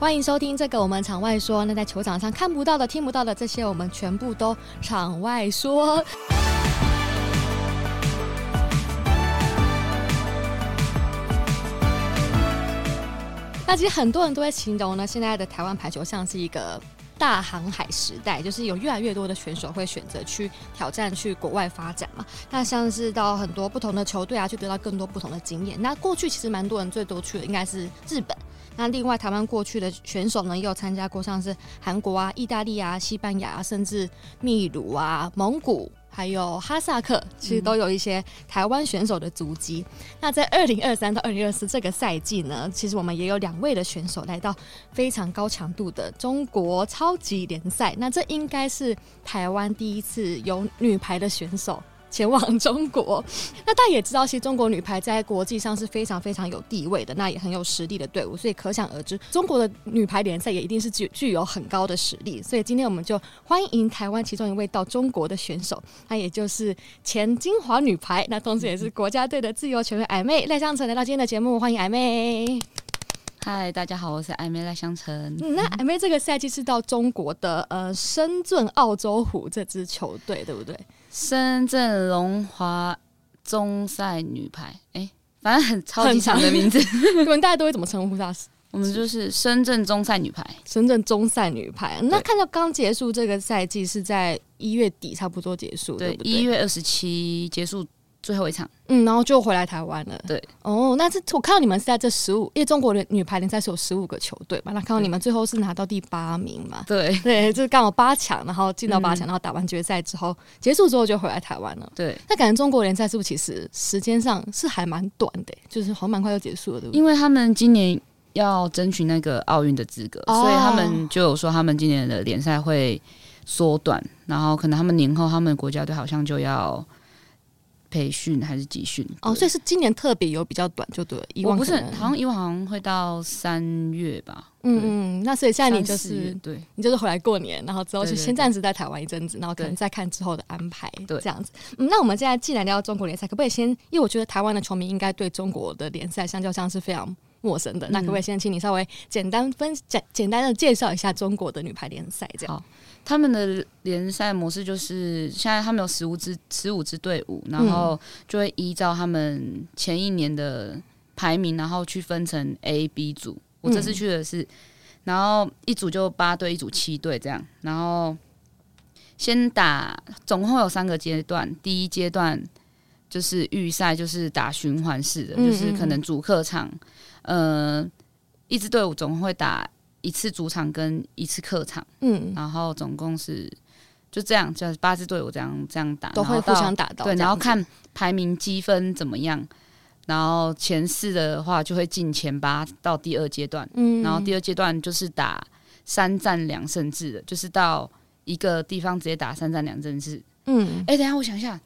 歡迎收聽這個我們場外說，那在球場上看不到的、聽不到的這些，我們全部都場外說。 那其實很多人都在形容呢，現在的台灣排球像是一個大航海時代，就是有越來越多的選手會選擇去挑戰、去國外發展嘛。那像是到很多不同的球隊啊，去得到更多不同的經驗。那過去其實蠻多人最多去的應該是日本。那另外，台灣過去的選手呢，也有參加過，像是韓國啊、意大利啊、西班牙啊，甚至秘魯啊、蒙古，還有哈薩克，其實都有一些台灣選手的足跡。嗯、那在二零二三到二零二四這個賽季呢，其實我們也有兩位的選手來到非常高強度的中國超級聯賽。那這應該是台灣第一次有女排的選手。前往中國，那大家也知道，其實中國女排在國際上是非常非常有地位的，那也很有實力的隊伍，所以可想而知，中國的女排聯賽也一定是具具有很高的實力。所以今天我們就歡迎台灣其中一位到中國的選手，那也就是前金華女排，那同時也是國家隊的自由球員矮妹賴湘程來到今天的節目，歡迎矮妹。嗨，大家好，我是矮妹賴湘程。嗯，那矮妹這個賽季是到中國的呃深圳澳洲虎這支球隊，對不對？深圳龍華中塞女排，哎、欸，反正很超級長的名字，很 你們大家都會怎麼稱呼她？ 我們就是深圳中塞女排，深圳中塞女排。對那看到剛結束這個賽季是在一月底差不多結束，對，一月二十七結束。最後一場，嗯，然後就回來台灣了。對，哦，那是我看到你們是在這十五，因為中國的女排聯賽是有十五個球隊嘛，那看到你們最後是拿到第八名嘛。對，對，就是剛好八強，然後進到八強，然後打完決賽之後，嗯、結束之後就回來台灣了。對，那感覺中國聯賽是不是其實時間上是還蠻短的？欸，就是好蠻快就結束了。對對，對，因為他們今年要爭取那個奧運的資格，哦、所以他們就有說他們今年的聯賽會縮短，然後可能他們年後他們的國家隊好像就要。培訓還是集訓？哦，對所以是今年特別有比較短，就對，以往不是好像以往好像會到三月吧。嗯嗯，那所以現在你就是，對，你就是回來過年，然後之後就先暫時在台灣一陣子，然後可能再看之後的安排，對，對，對，對，這樣子。嗯，那我們現在既然聊中國聯賽，可不可以先，因為我覺得台灣的球迷應該對中國的聯賽，相較上是非常陌生的，嗯、那可不可以先請你稍微簡單分簡簡單的介紹一下中國的女排聯賽，這樣？他們的聯賽模式就是，現在他們有十五支十五支隊伍，然後就會依照他們前一年的排名，然後去分成 A、B 組。我這次去的是，然後一組就八隊，一組七隊這樣，然後先打，總共有三個階段。第一階段就是預賽，就是打循環式的，嗯嗯就是可能主客場，呃，一支隊伍總會打。一次主場跟一次客場，嗯，然後總共是就這樣，就八支隊伍這樣這樣打，都會互相打到，對，然後看排名積分怎麼樣，然後前四的話就會進前八到第二階段，嗯，然後第二階段就是打三戰兩勝制的，就是到一個地方直接打三戰兩勝制，嗯，哎、欸，等一下我想一下，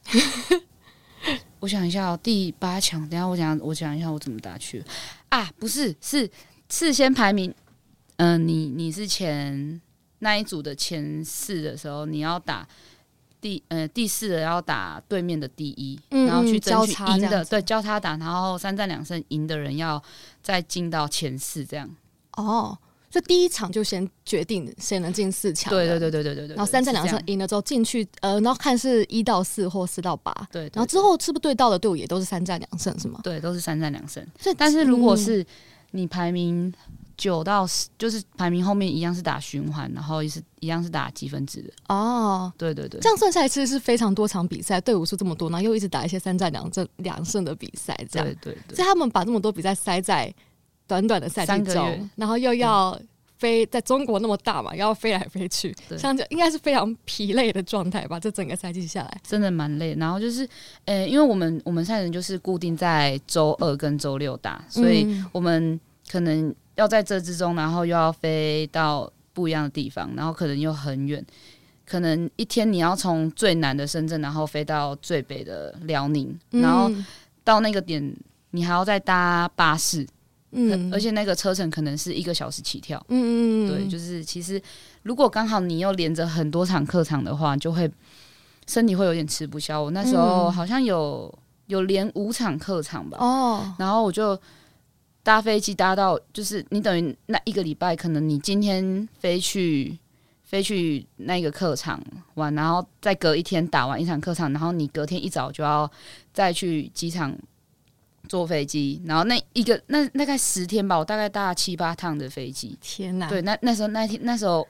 我想一下、哦，第八強，等一下我想，我想一下我怎麼打去啊？不是，是事先排名。嗯、呃，你你是前那一組的前四的時候，你要打第呃第四的要打對面的第一，嗯、然後去爭取贏的對交叉打，然後三戰兩勝贏的人要再進到前四這樣。哦，所以第一場就先決定誰能進四強。對對對對對對，對，對，對，然後三戰兩勝贏了之後進去呃，然後看是一到四或四到八。對，對，對，對。然後之後是不是對到的隊伍也都是三戰兩勝是嗎？對，都是三戰兩勝。所以但是如果是你排名。嗯九到十就是排名後面一樣是打循環，然後也是一樣是打積分制哦。Oh, 對對對，這樣算下來其實是非常多場比賽，隊伍是這麼多，然後又一直打一些三戰兩勝、兩勝的比賽，這樣對,對對。對，所以他們把這麼多比賽塞在短短的賽季中，然後又要飛、嗯、在中國那麼大嘛，又要飛來飛去，對像這應該是非常疲累的狀態吧？這整個賽季下來真的蠻累的。然後就是呃、欸，因為我們我們現在人就是固定在周二跟周六打，所以我們可能。要在這之中，然後又要飛到不一樣的地方，然後可能又很遠，可能一天你要從最南的深圳，然後飛到最北的遼寧，嗯、然後到那個點，你還要再搭巴士，嗯，而且那個車程可能是一個小時起跳，嗯對，就是其實如果剛好你又連着很多場客場的話，就會身體會有點吃不消。我那時候好像有、嗯、有連五場客場吧，哦，然後我就。搭飛機搭到就是你等於那一個禮拜，可能你今天飛去飛去那個客場玩，然後再隔一天打完一場客場，然後你隔天一早就要再去機場坐飛機，嗯、然後那一個那，那大概十天吧，我大概搭七八趟的飛機。天哪！對，那那時候那天那時候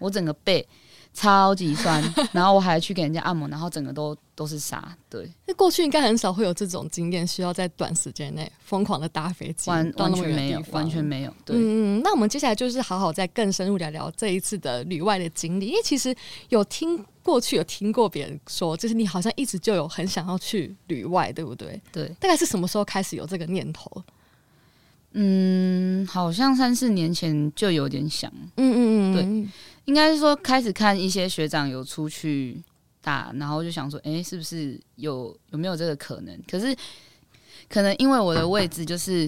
我整個背。超級酸，然後我還去給人家按摩，然後整個都都是沙。對，那過去應該很少會有這種經驗，需要在短時間內瘋狂的搭飛機，完完全沒有，完全沒有。對，嗯，那我們接下來就是好好再更深入聊聊這一次的旅外的經歷，因為其實有聽過去有聽過別人說，就是你好像一直就有很想要去旅外，對不對？對，大概是什麼時候開始有這個念頭？嗯，好像三四年前就有點想。嗯嗯嗯，對。應該是說，開始看一些學長有出去打，然後就想說，哎、欸，是不是有有沒有這個可能？可是可能因為我的位置就是，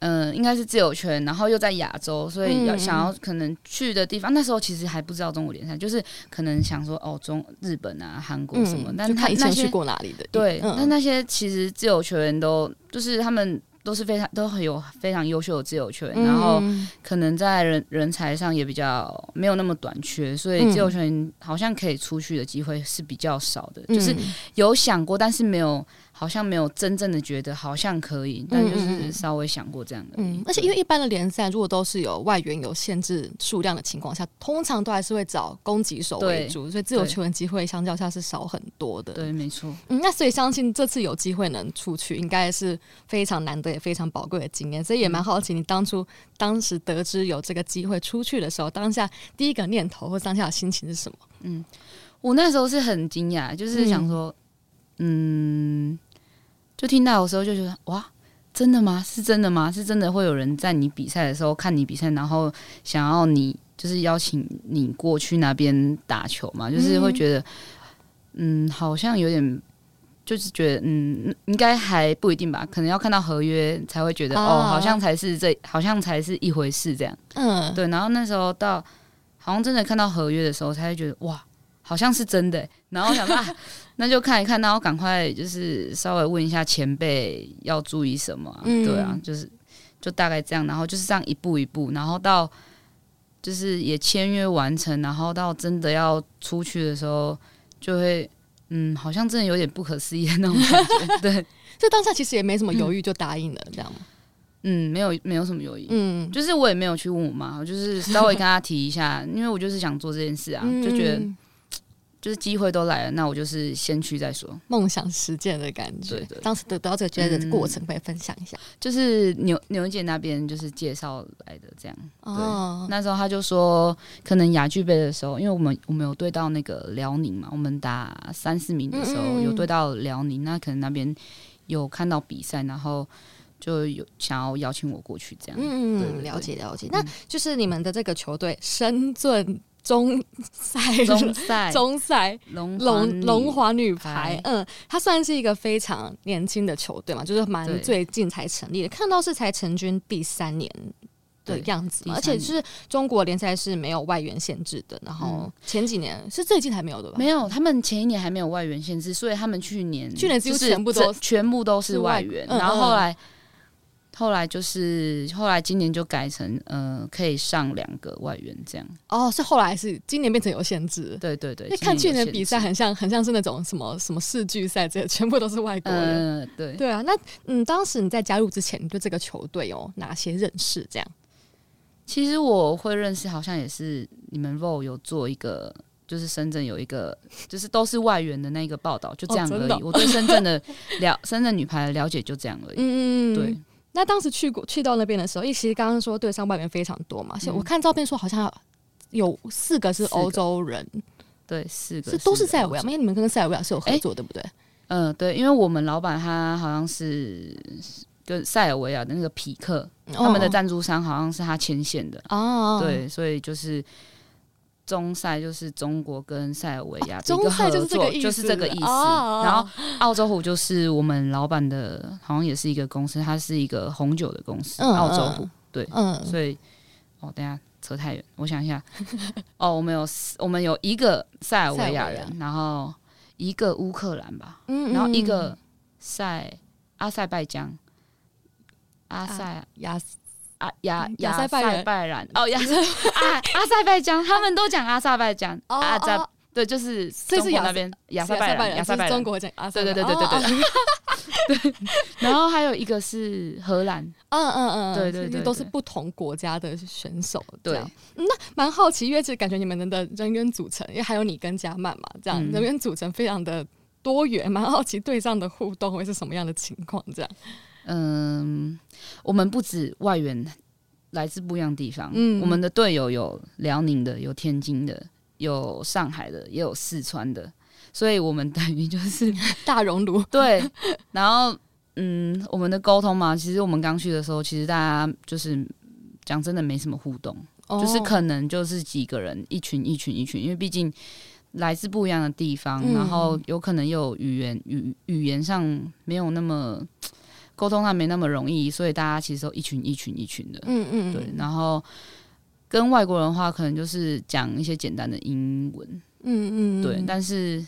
嗯、啊呃，應該是自由權，然後又在亞洲，所以要想要可能去的地方。嗯、那時候其實還不知道中國聯賽，就是可能想說，哦，中日本啊、韓國什麼，嗯、但他以前些去過哪裡的？對，那對、嗯、那些其實自由球員都就是他們。都是非常都很有非常優秀的自由權，嗯、然後可能在人人才上也比較沒有那麼短缺，所以自由權好像可以出去的機會是比較少的，嗯、就是有想過，但是沒有。好像沒有真正的覺得好像可以，但就是稍微想過這樣的，嗯嗯。嗯，而且因為一般的聯賽如果都是有外援有限制數量的情況下，通常都還是會找攻擊手為主，對所以自由球員機會相較下是少很多的。對，對，沒錯。嗯，那所以相信這次有機會能出去，應該是非常難得也非常寶貴的經驗。所以也蠻好奇，你當初，嗯，當時得知有這個機會出去的時候，當下第一個念頭或當下的心情是什麼？嗯，我那時候是很驚訝，就是想說。嗯嗯，就聽到的時候就覺得哇，真的嗎？是真的嗎？是真的會有人在你比賽的時候看你比賽，然後想要你就是邀請你過去那邊打球嘛？就是會覺得，嗯哼，嗯，好像有點，就是覺得，嗯，應該還不一定吧，可能要看到合約才會覺得，哦，哦，好像才是這，好像才是一回事這樣。嗯，對。然後那時候到，好像真的看到合約的時候，才會覺得，哇，好像是真的欸。然後想說、啊， 那就看一看，然後趕快就是稍微問一下前輩要注意什麼，嗯、對啊，就是就大概這樣，然後就是這樣一步一步，然後到就是也簽約完成，然後到真的要出去的時候，就會嗯，好像真的有點不可思議的那種感覺， 對。就當下其實也沒什麼猶豫，就答應了，嗯、這樣嗎。嗯，沒有沒有什麼猶豫，嗯，就是我也沒有去問我媽，就是稍微跟她提一下， 因為我就是想做這件事啊，就覺得。就是機會都來了，那我就是先去再說。夢想實踐的感覺，對，對，對，當時得到這個機會的過程，嗯、可以分享一下。就是牛牛姐那邊就是介紹來的，這樣。哦、對，那時候他就說，可能亞俱盃的時候，因為我們我們有對到那個遼寧嘛，我們打三四名的時候嗯嗯有對到遼寧，那可能那邊有看到比賽，然後就有想要邀請我過去這樣。嗯，嗯，對對對，了解了解。那就是你們的這個球隊深圳。中塞，賽中塞賽，中塞，龍龍龍華女排，嗯，她算是一個非常年輕的球隊嘛，就是蠻最近才成立的，對看到是才成軍第三年的樣子嘛，而且就是中國聯賽是沒有外援限制的，然後前幾年、嗯、是最近還沒有的吧？沒有，他們前一年還沒有外援限制，所以他們去年去年是就是全部都全部都是外援，嗯、然後後來。嗯後來就是，後來今年就改成，呃，可以上兩個外援這樣。哦，是後來是今年變成有限制。對對對。那看，看去年比賽，很像，很像是那種什麼什麼世俱賽，這些全部都是外國人。呃、對。對啊，那嗯，當時你在加入之前，你對這個球隊有哪些認識？這樣。其實我會認識，好像也是你們 VOL 有做一個，就是深圳有一個，就是都是外援的那個報道， 就這樣而已。哦哦、我對深圳的了 深圳女排的了解就這樣而已。嗯嗯嗯。對。那當時去過去到那邊的時候，一其實剛剛說對，上外面非常多嘛。所以我看照片說好像有四個是歐洲人，對，四個是都是塞爾維亞，因為你們跟塞爾維亞是有合作，欸、對不對？嗯、呃，對，因為我們老板他好像是就是塞爾維亞的那個匹克，哦、他們的贊助商好像是他牽線的哦，對，所以就是。中塞就是中國跟塞爾維亞的一個合作，啊、就是這個意思。意思哦、然後澳洲虎就是我們老闆的，好像也是一個公司，它是一個紅酒的公司。嗯、澳洲虎、嗯、對，嗯，所以哦，等下扯太遠，我想一下。嗯、哦，我們有我們有一個塞爾維亞人，然後一個烏克蘭吧，嗯、然後一個塞阿塞拜疆，阿塞亞、啊、斯。阿亞塞拜然哦，亞啊阿塞拜疆，他們都講阿塞拜疆，阿扎，對，就是這是那邊亞塞拜然，中國講阿塞拜，對對對對對對，然後還有一個是荷蘭，嗯嗯嗯，對對對，都是不同國家的選手，對。那蠻好奇，因為是感覺你們的人員組成，因為還有你跟加曼嘛，這樣人員組成非常的多元，蠻好奇對上的互動會是什麼樣的情況，這樣。嗯、呃，我們不止外援來自不一樣地方，嗯，我們的隊友有遼寧的，有天津的，有上海的，也有四川的，所以我們等於就是大熔爐，對。然後，嗯，我們的溝通嘛，其實我們剛去的時候，其實大家就是講真的沒什麼互動，哦、就是可能就是幾個人一群一群一群，因為畢竟來自不一樣的地方，嗯、然後有可能又有語言語語言上沒有那麼。溝通那沒那麼容易，所以大家其實都一群一群一群的，嗯嗯對。然後跟外國人的話，可能就是講一些簡單的英文，嗯嗯對。但是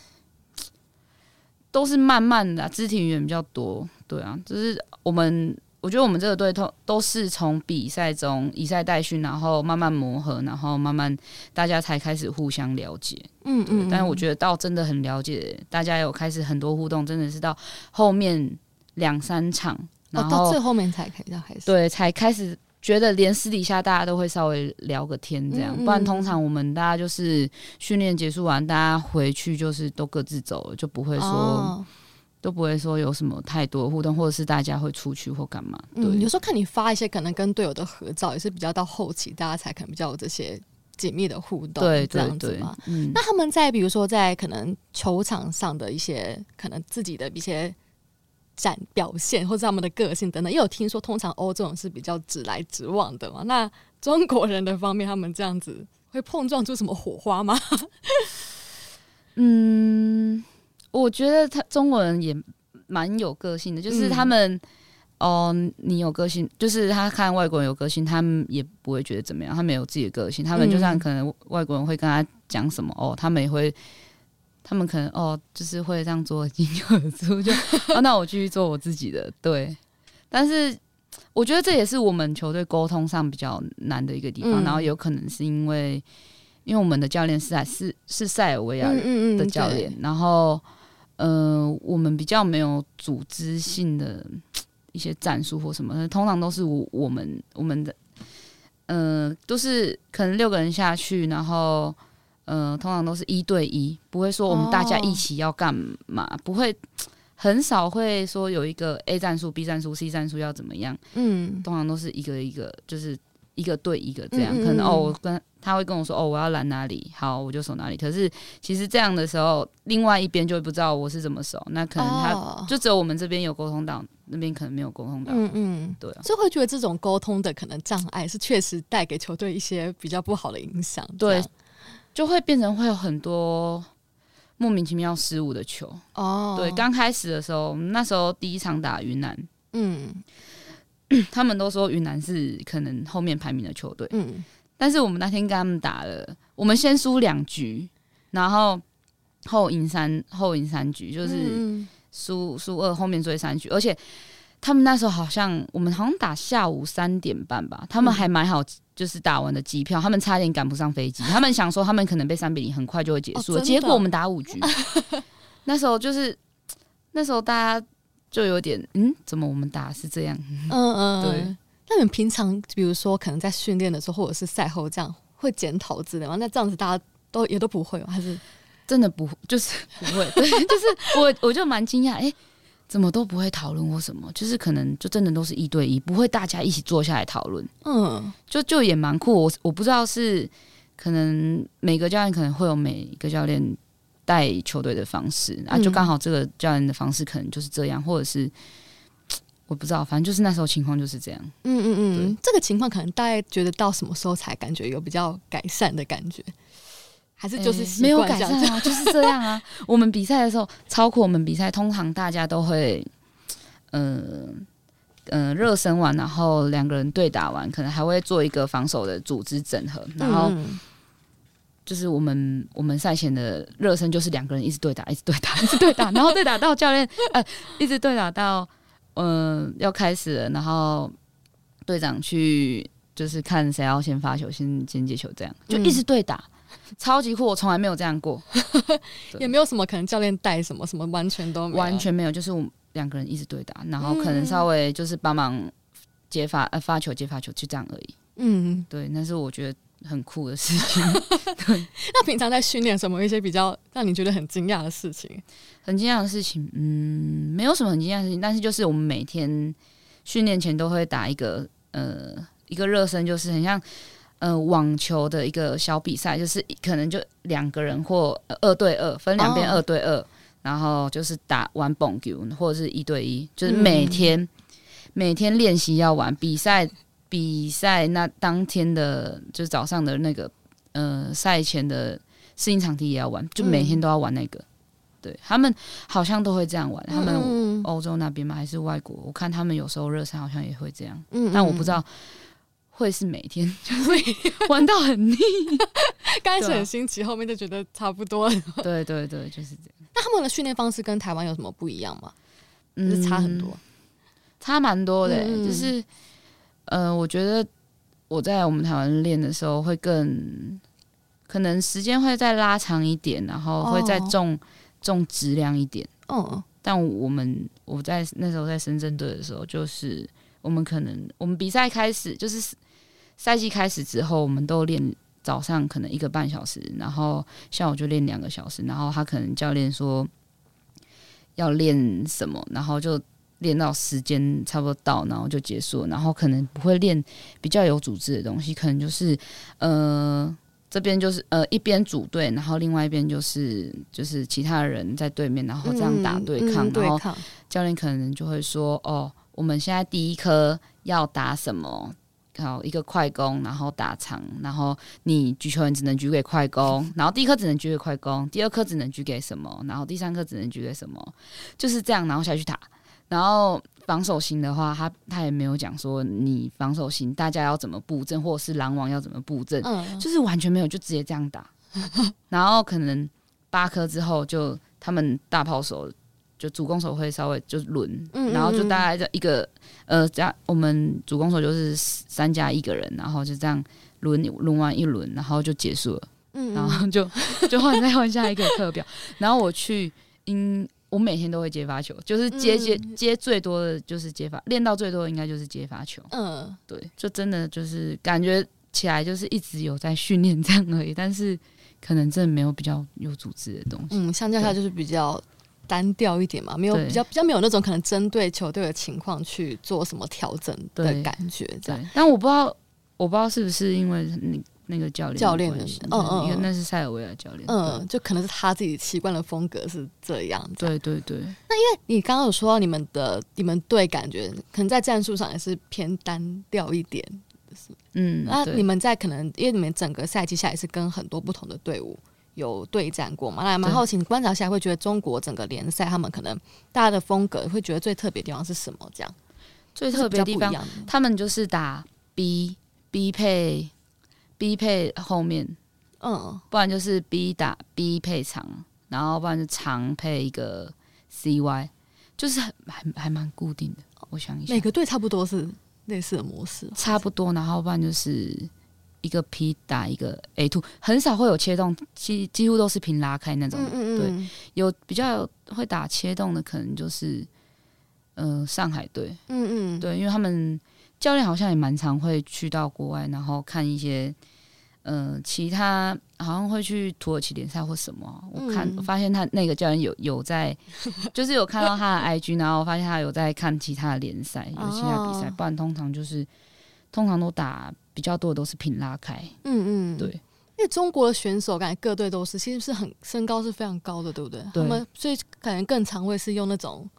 都是慢慢的、啊、肢體語言比較多，對啊，就是我們我覺得我們這個隊通都是從比賽中以賽代訓，然後慢慢磨合，然後慢慢大家才開始互相了解，嗯，嗯嗯。但是我覺得到真的很了解，大家也有開始很多互動，真的是到後面。兩三場，然後、哦、到最後面才開始，對，才開始覺得連私底下大家都會稍微聊個天這樣，嗯嗯、不然通常我們大家就是訓練結束完，大家回去就是都各自走了，就不會說、哦、都不會說有什麼太多的互動，或者是大家會出去或幹嘛。對、嗯，有時候看你發一些可能跟隊友的合照，也是比較到後期大家才可能比較有這些緊密的互動，對，這樣子嘛。嗯，那他們在比如說在可能球場上的一些可能自己的一些。展表現或者他們的個性等等，因為我聽說通常歐洲人是比較直來直往的嘛。那中國人的方面，他們這樣子會碰撞出什麼火花嗎？ 嗯，我覺得他中國人也蠻有個性的，就是他們、嗯、哦，你有個性，就是他看外國人有個性，他們也不會覺得怎麼樣，他們有自己的個性，嗯、他們就算可能外國人會跟他講什麼哦，他們也會。他們可能哦，就是會這樣做書，然後就、啊，那我繼續做我自己的。對， 但是我覺得這也是我們球隊溝通上比較難的一個地方。嗯、然後有可能是因為，因為我們的教練是是是塞爾維亞的教練，嗯嗯嗯然後呃，我們比較沒有組織性的一些戰術或什麼，通常都是我我們我們的，嗯、呃，都、就是可能六個人下去，然後。呃，通常都是一對一，不會說我們大家一起要幹嘛，oh. 不會很少會說有一個 A 戰術、B 戰術、C 戰術要怎麼樣。嗯，mm. 通常都是一個一個，就是一個對一個這樣。Mm hmm. 可能哦，我跟他會跟我說，哦，我要攔哪裡，好，我就守哪裡。可是其實這樣的時候，另外一邊就不知道我是怎麼守，那可能他、oh. 就只有我們這邊有溝通到，那邊可能沒有溝通到。嗯嗯、mm，hmm. 對、啊，就會覺得這種溝通的可能障礙是確實帶給球隊一些比較不好的影響。對。就會變成會有很多莫名其妙失誤的球哦。Oh. 對，剛開始的時候，那時候第一場打雲南，嗯，他們都說雲南是可能後面排名的球隊，嗯。但是我們那天跟他們打了，我們先輸兩局，然後後贏三後贏三局，就是輸輸二後面追三局，而且。他們那時候好像我們好像打下午三點半吧，他們還買好就是打完的機票，他們差點趕不上飛機。他們想說他們可能被三比零很快就會結束了，哦、結果我們打五局。 那時候就是那時候大家就有點嗯，怎麼我們打是這樣？嗯嗯，對。那你平常比如說可能在訓練的時候或者是賽後這樣會檢討之類的嗎？那這樣子大家都也都不會還是真的不就是不會？對 就是我我就蠻驚訝哎。欸怎麼都不會討論過什麼，就是可能就真的都是一對一，不會大家一起坐下來討論。嗯，就就也蠻酷。我我不知道是可能每個教練可能會有每個教練帶球隊的方式啊，就剛好這個教練的方式可能就是這樣，嗯、或者是我不知道，反正就是那時候情況就是這樣。嗯嗯嗯，對這個情況可能大概覺得到什麼時候才感覺有比較改善的感覺？還是就是、欸、沒有改善啊，就是這樣啊。 我們比賽的時候，超過我們比賽，通常大家都會，嗯、呃、嗯，熱、呃、身完，然後兩個人對打完，可能還會做一個防守的組織整合，然後、嗯、就是我們我們賽前的熱身，就是兩個人一直對打，一直對打，一直對打，然後對打到教練 呃一直對打到嗯、呃、要開始了，然後隊長去就是看誰要先發球，先先接球，這樣就一直對打。嗯。超級酷！我從來沒有這樣過， 對也沒有什麼可能教練帶什麼什麼，什麼完全都沒有完全沒有，就是我們兩個人一直對打，然後可能稍微就是幫忙接發呃發球接發球，就這樣而已。嗯，對，那是我覺得很酷的事情。對，那平常在訓練什麼一些比較讓你覺得很驚訝的事情？很驚訝的事情，嗯，沒有什麼很驚訝的事情，但是就是我們每天訓練前都會打一個呃一個熱身，就是很像。嗯、呃，網球的一個小比賽，就是可能就兩個人或、呃、二對二，分兩邊二對二，oh. 然後就是打完 b o n g 或者是一對一，就是每天、嗯、每天練習要玩比賽，比賽那當天的就是早上的那個，呃，賽前的適應場地也要玩，就每天都要玩那個。嗯、對他們好像都會這樣玩，他們歐洲那邊嘛還是外國，我看他們有時候熱身好像也會這樣，嗯嗯，但我不知道。會是每天就會、是、玩到很膩，剛開始很新奇，後面就覺得差不多了。對，對對對，就是這樣。那他們的訓練方式跟台灣有什麼不一樣嗎？嗯，差很多，嗯、差蠻多的、欸。嗯、就是，呃，我覺得我在我們台灣練的時候會更可能時間會再拉長一點，然後會再重、oh. 重質量一點。哦、oh. 嗯，但我們我在那時候在深圳隊的時候，就是我們可能我們比賽開始就是。賽季開始之後，我們都練早上可能一個半小時，然後下午就練兩個小時。然後他可能教練說要練什麼，然後就練到時間差不多到，然後就結束。然後可能不會練比較有組織的東西，可能就是呃這邊就是呃一邊組隊，然後另外一邊就是就是其他人在對面，然後這樣打對抗。然後教練可能就會說：“哦，我們現在第一顆要打什麼？”好，一個快攻，然後打長，然後你舉球員只能舉給快攻，然後第一顆只能舉給快攻，第二顆只能舉給什麼？然後第三顆只能舉給什麼？就是這樣，然後下去打。然後防守型的話，他他也沒有講說你防守型大家要怎麼布陣，或者是狼王要怎麼布陣，嗯嗯就是完全沒有，就直接這樣打。然後可能八顆之後就，就他們大炮手。就主攻手會稍微就是輪，嗯嗯然後就大概在一個呃，這樣，我們主攻手就是三加一個人，然後就這樣輪輪完一輪，然後就結束了，嗯嗯然後就就換再換下一個課表， 然後我去因我每天都會接發球，就是接、嗯、接接最多的就是接發，練到最多的應該就是接發球，嗯，對，就真的就是感覺起來就是一直有在訓練這樣而已，但是可能真的沒有比較有組織的東西，嗯，相較下就是比較。單調一點嘛，沒有比較比較沒有那種可能針對球隊的情況去做什麼調整的感覺，這樣。但我不知道，我不知道是不是因為那那個教練教練的關係，嗯嗯，因為那是塞爾維亞教練。嗯，對嗯，就可能是他自己習慣的風格是這樣，這樣。對，對對對。那因為你剛剛有說到你們的你們隊感覺，可能在戰術上也是偏單調一點，是嗯。那、啊、對你們在可能因為你們整個賽季下也是跟很多不同的隊伍。有對戰過嘛？那蠻好奇，觀察一下，會覺得中國整個聯賽他們可能大家的風格，會覺得最特別的地方是什麼？這樣最特別的地方，他們就是打 B B 配 B 配後面，嗯，不然就是 B 打 B 配長，然後不然就長配一個 C Y，就是還還蠻固定的。我想一下，每個隊差不多是類似的模式，差不多。然後不然就是。一個 P 打一個 A two，很少會有切動，幾幾乎都是平拉開那種的。嗯嗯對，有比較會打切動的，可能就是嗯、呃、上海隊。嗯嗯，對，因為他們教練好像也蠻常會去到國外，然後看一些嗯、呃、其他，好像會去土耳其聯賽或什麼。我看、嗯、我發現他那個教練有有在，就是有看到他的 IG，然後我發現他有在看其他的聯賽，有其他比賽，哦、不然通常就是。通常都打比較多的都是平拉開，嗯嗯，對，因為中國的選手感覺各隊都是其實是很身高是非常高的，對不對？對，他們所以可能更常會是用那種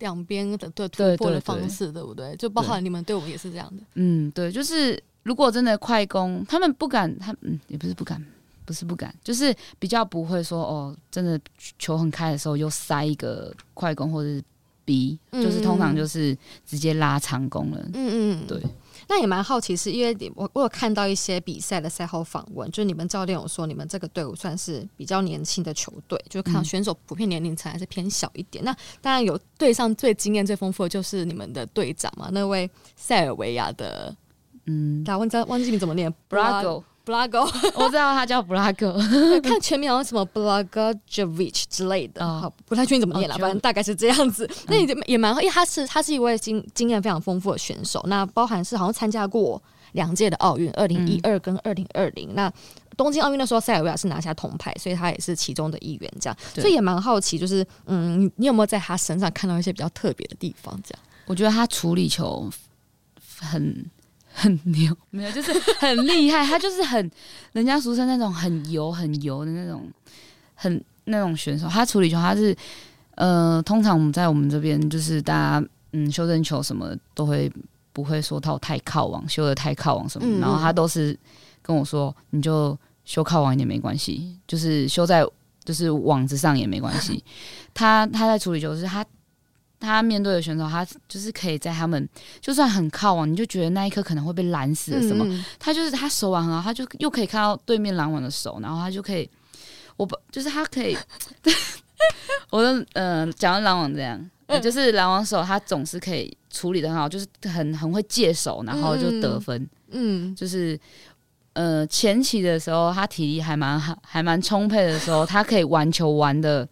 兩邊的對突破的方式，對,對,對,對不對？就包括你們對我也是這樣的，嗯，對，就是如果真的快攻，他們不敢，他、嗯、也不是不敢，不是不敢，就是比較不會說哦，真的球很開的時候又塞一個快攻或者是 B、嗯嗯，就是通常就是直接拉長攻了，嗯嗯，對。那也蠻好奇，是因為我我有看到一些比賽的賽後訪問，就是、你們教練有說，你們這個隊伍算是比較年輕的球隊，就看選手普遍年齡層還是偏小一點。嗯、那當然有隊上最經驗最豐富的就是你們的隊長嘛，那位塞爾維亞的，嗯，叫忘忘忘記，忘記你怎麼念，Brago。嗯 Br 布拉格，Bl 我知道他叫布拉格， 看全名好像什麼布拉格、Blagojevic 之類的啊，不太確定怎麼念了，反正大概是這樣子。那你也也蠻好，因為他是他是一位經經驗非常豐富的選手，那包含是好像參加過兩屆的奧運，二零一二跟二零二零。那東京奧運的時候塞爾維亞是拿下銅牌，所以他也是其中的一員。這樣，對所以也蠻好奇，就是嗯，你有沒有在他身上看到一些比較特別的地方？這樣，我覺得他處理球很。很牛，沒有，就是很厲害。 他就是很，人家俗稱那種很油、很油的那種，很那種選手。他處理球，他是呃，通常我們在我們這邊就是大家嗯，修正球什麼的都會不會說到太靠網，修得太靠網什麼的，然後他都是跟我說，你就修靠網一點沒關係，就是修在就是網子上也沒關係。他他在處理球是他。他面對的選手，他就是可以在他們就算很靠網，你就覺得那一刻可能會被攔死了什麼。嗯嗯，他就是他手腕很好，他就又可以看到對面攔網的手，然後他就可以，我不就是他可以， 我的嗯講到攔網這樣，呃嗯、就是攔網手，他總是可以處理得很好，就是很很會借手，然後就得分。嗯，嗯就是呃，前期的時候，他體力還蠻還蠻充沛的時候，他可以玩球玩的，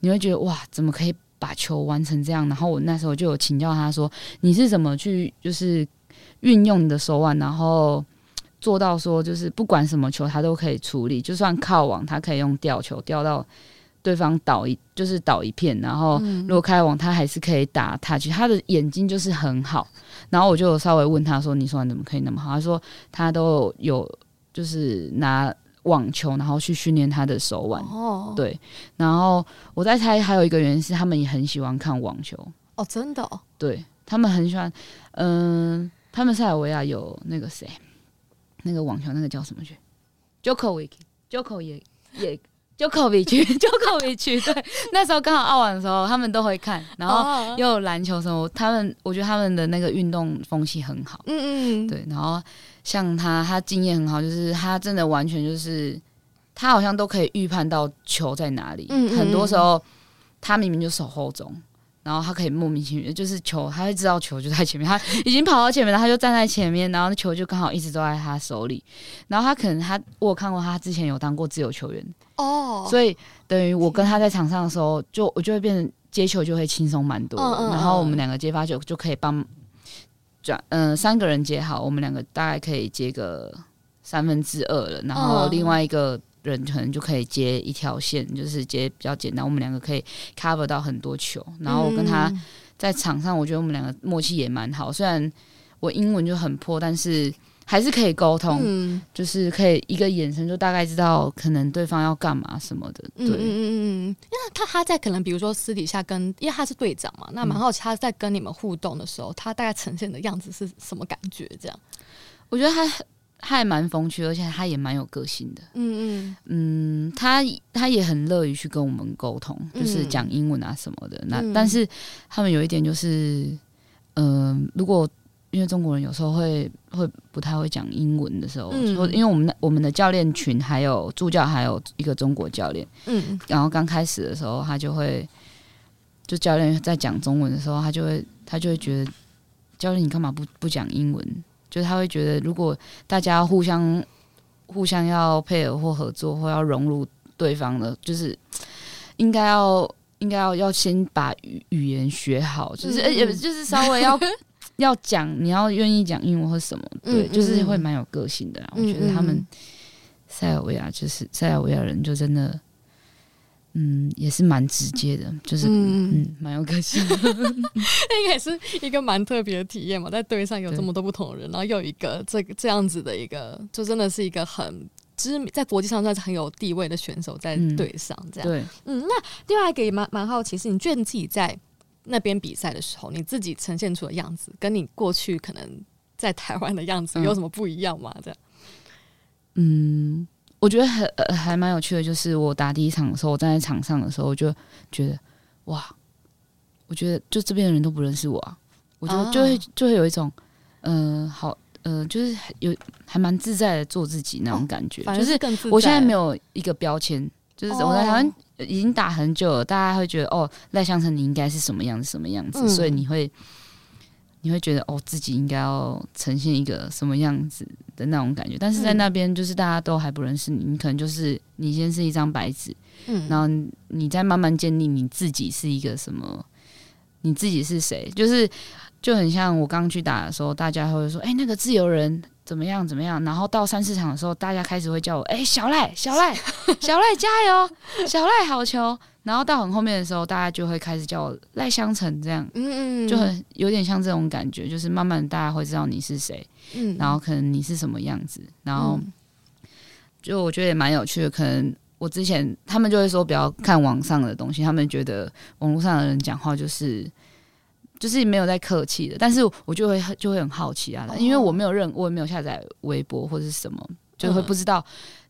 你會覺得哇，怎麼可以？把球玩成這樣，然後我那時候就有請教他說：“你是怎麼去就是運用你的手腕，然後做到說就是不管什麼球他都可以處理，就算靠網他可以用吊球吊到對方倒一就是倒一片，然後如果開網他還是可以打 touch，他的眼睛就是很好。”然後我就稍微問他說：“你手腕怎麼可以那麼好？”他說：“他都有就是拿。”網球，然後去訓練他的手腕。哦，oh. 對，然後我在猜還有一個原因是他們也很喜歡看網球。哦，oh, 真的哦，對，他們很喜歡。嗯、呃，他們塞爾維亞有那個誰，那個網球那個叫什麼去？Jokovic，Jokovic 也也 Jokovic，Jokovic。對，那時候剛好澳網的時候，他們都會看。然後又有籃球什麼、oh.，他們我覺得他們的那個運動風氣很好。嗯嗯嗯，hmm. 對，然後。像他，他經驗很好，就是他真的完全就是，他好像都可以預判到球在哪裡。嗯嗯。很多時候，他明明就守後中，然後他可以莫名其妙，就是球，他會知道球就在前面，他已經跑到前面，然後他就站在前面，然後球就剛好一直都在他手裡。然後他可能他，我有看過他之前有當過自由球員。哦。Oh. 所以等於我跟他在場上的時候，就我就會變成接球就會輕鬆蠻多。Oh. 然後我們兩個接發球就可以幫轉嗯、呃，三個人接好，我們兩個大概可以接個三分之二了，然後另外一個人可能就可以接一條線，oh. 就是接比較簡單。我們兩個可以 cover 到很多球，然後我跟他在場上，我覺得我們兩個默契也蠻好。雖然我英文就很破，但是。還是可以溝通，嗯、就是可以一個眼神就大概知道可能對方要幹嘛什麼的。對、嗯嗯嗯嗯，嗯嗯因為他他在可能比如說私底下跟，因為他是隊長嘛，那蠻好奇他在跟你們互動的時候，嗯、他大概呈現的樣子是什麼感覺？這樣，我覺得他，他還蠻風趣，而且他也蠻有個性的。嗯嗯嗯，他他也很樂於去跟我們溝通，就是講英文啊什麼的。那、嗯、但是他們有一點就是，嗯、呃，如果。因為中國人有時候會會不太會講英文的時候，嗯，因為我們我們的教練群還有助教，還有一個中國教練，嗯，然後剛開始的時候，他就會，就教練在講中文的時候，他就會他就會覺得，教練你幹嘛不不講英文？就是他會覺得，如果大家互相互相要配合或合作或要融入對方的，就是應該要應該要要先把語語言學好，就是也、嗯嗯、就是稍微要。 要講，你要願意講英文或什麼，對，嗯嗯，就是會蠻有個性的。嗯嗯，我覺得他們塞爾維亞就是塞爾維亞人，就真的，嗯，也是蠻直接的，就是嗯，嗯，蠻有個性的，嗯嗯。那 應該是一個蠻特別的體驗嘛，在隊上有這麼多不同的人，對 然後又有一個這這樣子的一個，就真的是一個很知名，在國際上算是很有地位的選手在隊上，這樣，嗯嗯，對。嗯，那另外一個也蠻蠻好奇，是你覺得自己在那邊比賽的時候，你自己呈現出的樣子，跟你過去可能在台灣的樣子有什麼不一樣嗎？這樣？嗯，我覺得、呃、還還蠻有趣的，就是我打第一場的時候，我站在場上的時候，我就覺得哇，我覺得就這邊的人都不認識我啊，我覺得、啊、就會就會有一種，嗯、呃，好，呃，就是有還蠻自在的做自己那種感覺，哦、是就是我現在沒有一個標籤，就是我在台灣。哦已經打很久了，大家會覺得哦，賴湘程你應該是什麼樣子什麼樣子，嗯、所以你會，你會覺得哦，自己應該要呈現一個什麼樣子的那種感覺。但是在那邊就是大家都還不認識你，嗯、你可能就是你先是一張白紙，嗯、然後你再慢慢建立你自己是一個什麼，你自己是誰，就是就很像我剛去打的時候，大家會說，哎、欸，那個自由人。怎麼樣？怎麼樣？然後到三四場的時候，大家開始會叫我哎、欸，小賴，小賴，小賴 加油，小賴好球。然後到很後面的時候，大家就會開始叫我賴湘程這樣，嗯嗯，嗯，就很有點像這種感覺，就是慢慢大家會知道你是誰，嗯，嗯，然後可能你是什麼樣子，然後就我覺得也蠻有趣的。可能我之前他們就會說比較看網上的東西，他們覺得網絡上的人講話就是。就是沒有在客氣的，但是我就會就會很好奇啊，因為我沒有認，我也沒有下載微博或者是什麼，就會不知道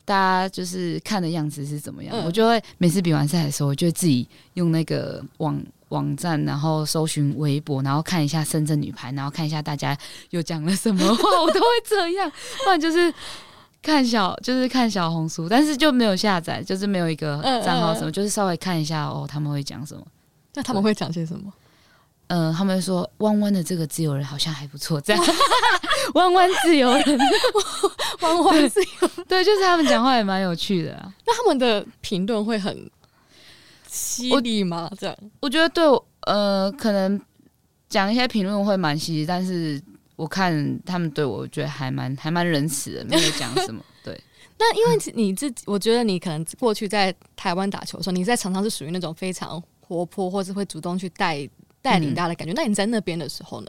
大家就是看的樣子是怎麼樣。嗯、我就會每次比完賽的時候，我就會自己用那個網網站，然後搜尋微博，然後看一下深圳女排，然後看一下大家又講了什麼話。 我都會這樣。不然就是看小就是看小紅書，但是就沒有下載，就是沒有一個賬號什麼，嗯嗯嗯，就是稍微看一下哦，他們會講什麼？那他們會講些什麼？嗯、呃，他們說彎彎的這個自由人好像還不錯，這樣。彎彎哇 自由人，彎彎 自由人，對， 對，就是他們講話也蠻有趣的，啊。那他們的評論會很犀利嗎？我這樣？我覺得對，呃，可能講一些評論會蠻犀利，但是我看他們對我，我覺得還蠻還蠻仁慈的，沒有講什麼。對， 那因為你自己，嗯、我覺得你可能過去在台灣打球的時候，你在場上是屬於那種非常活潑，或是會主動去帶。帶領大家的感覺，嗯、那你在那邊的時候呢？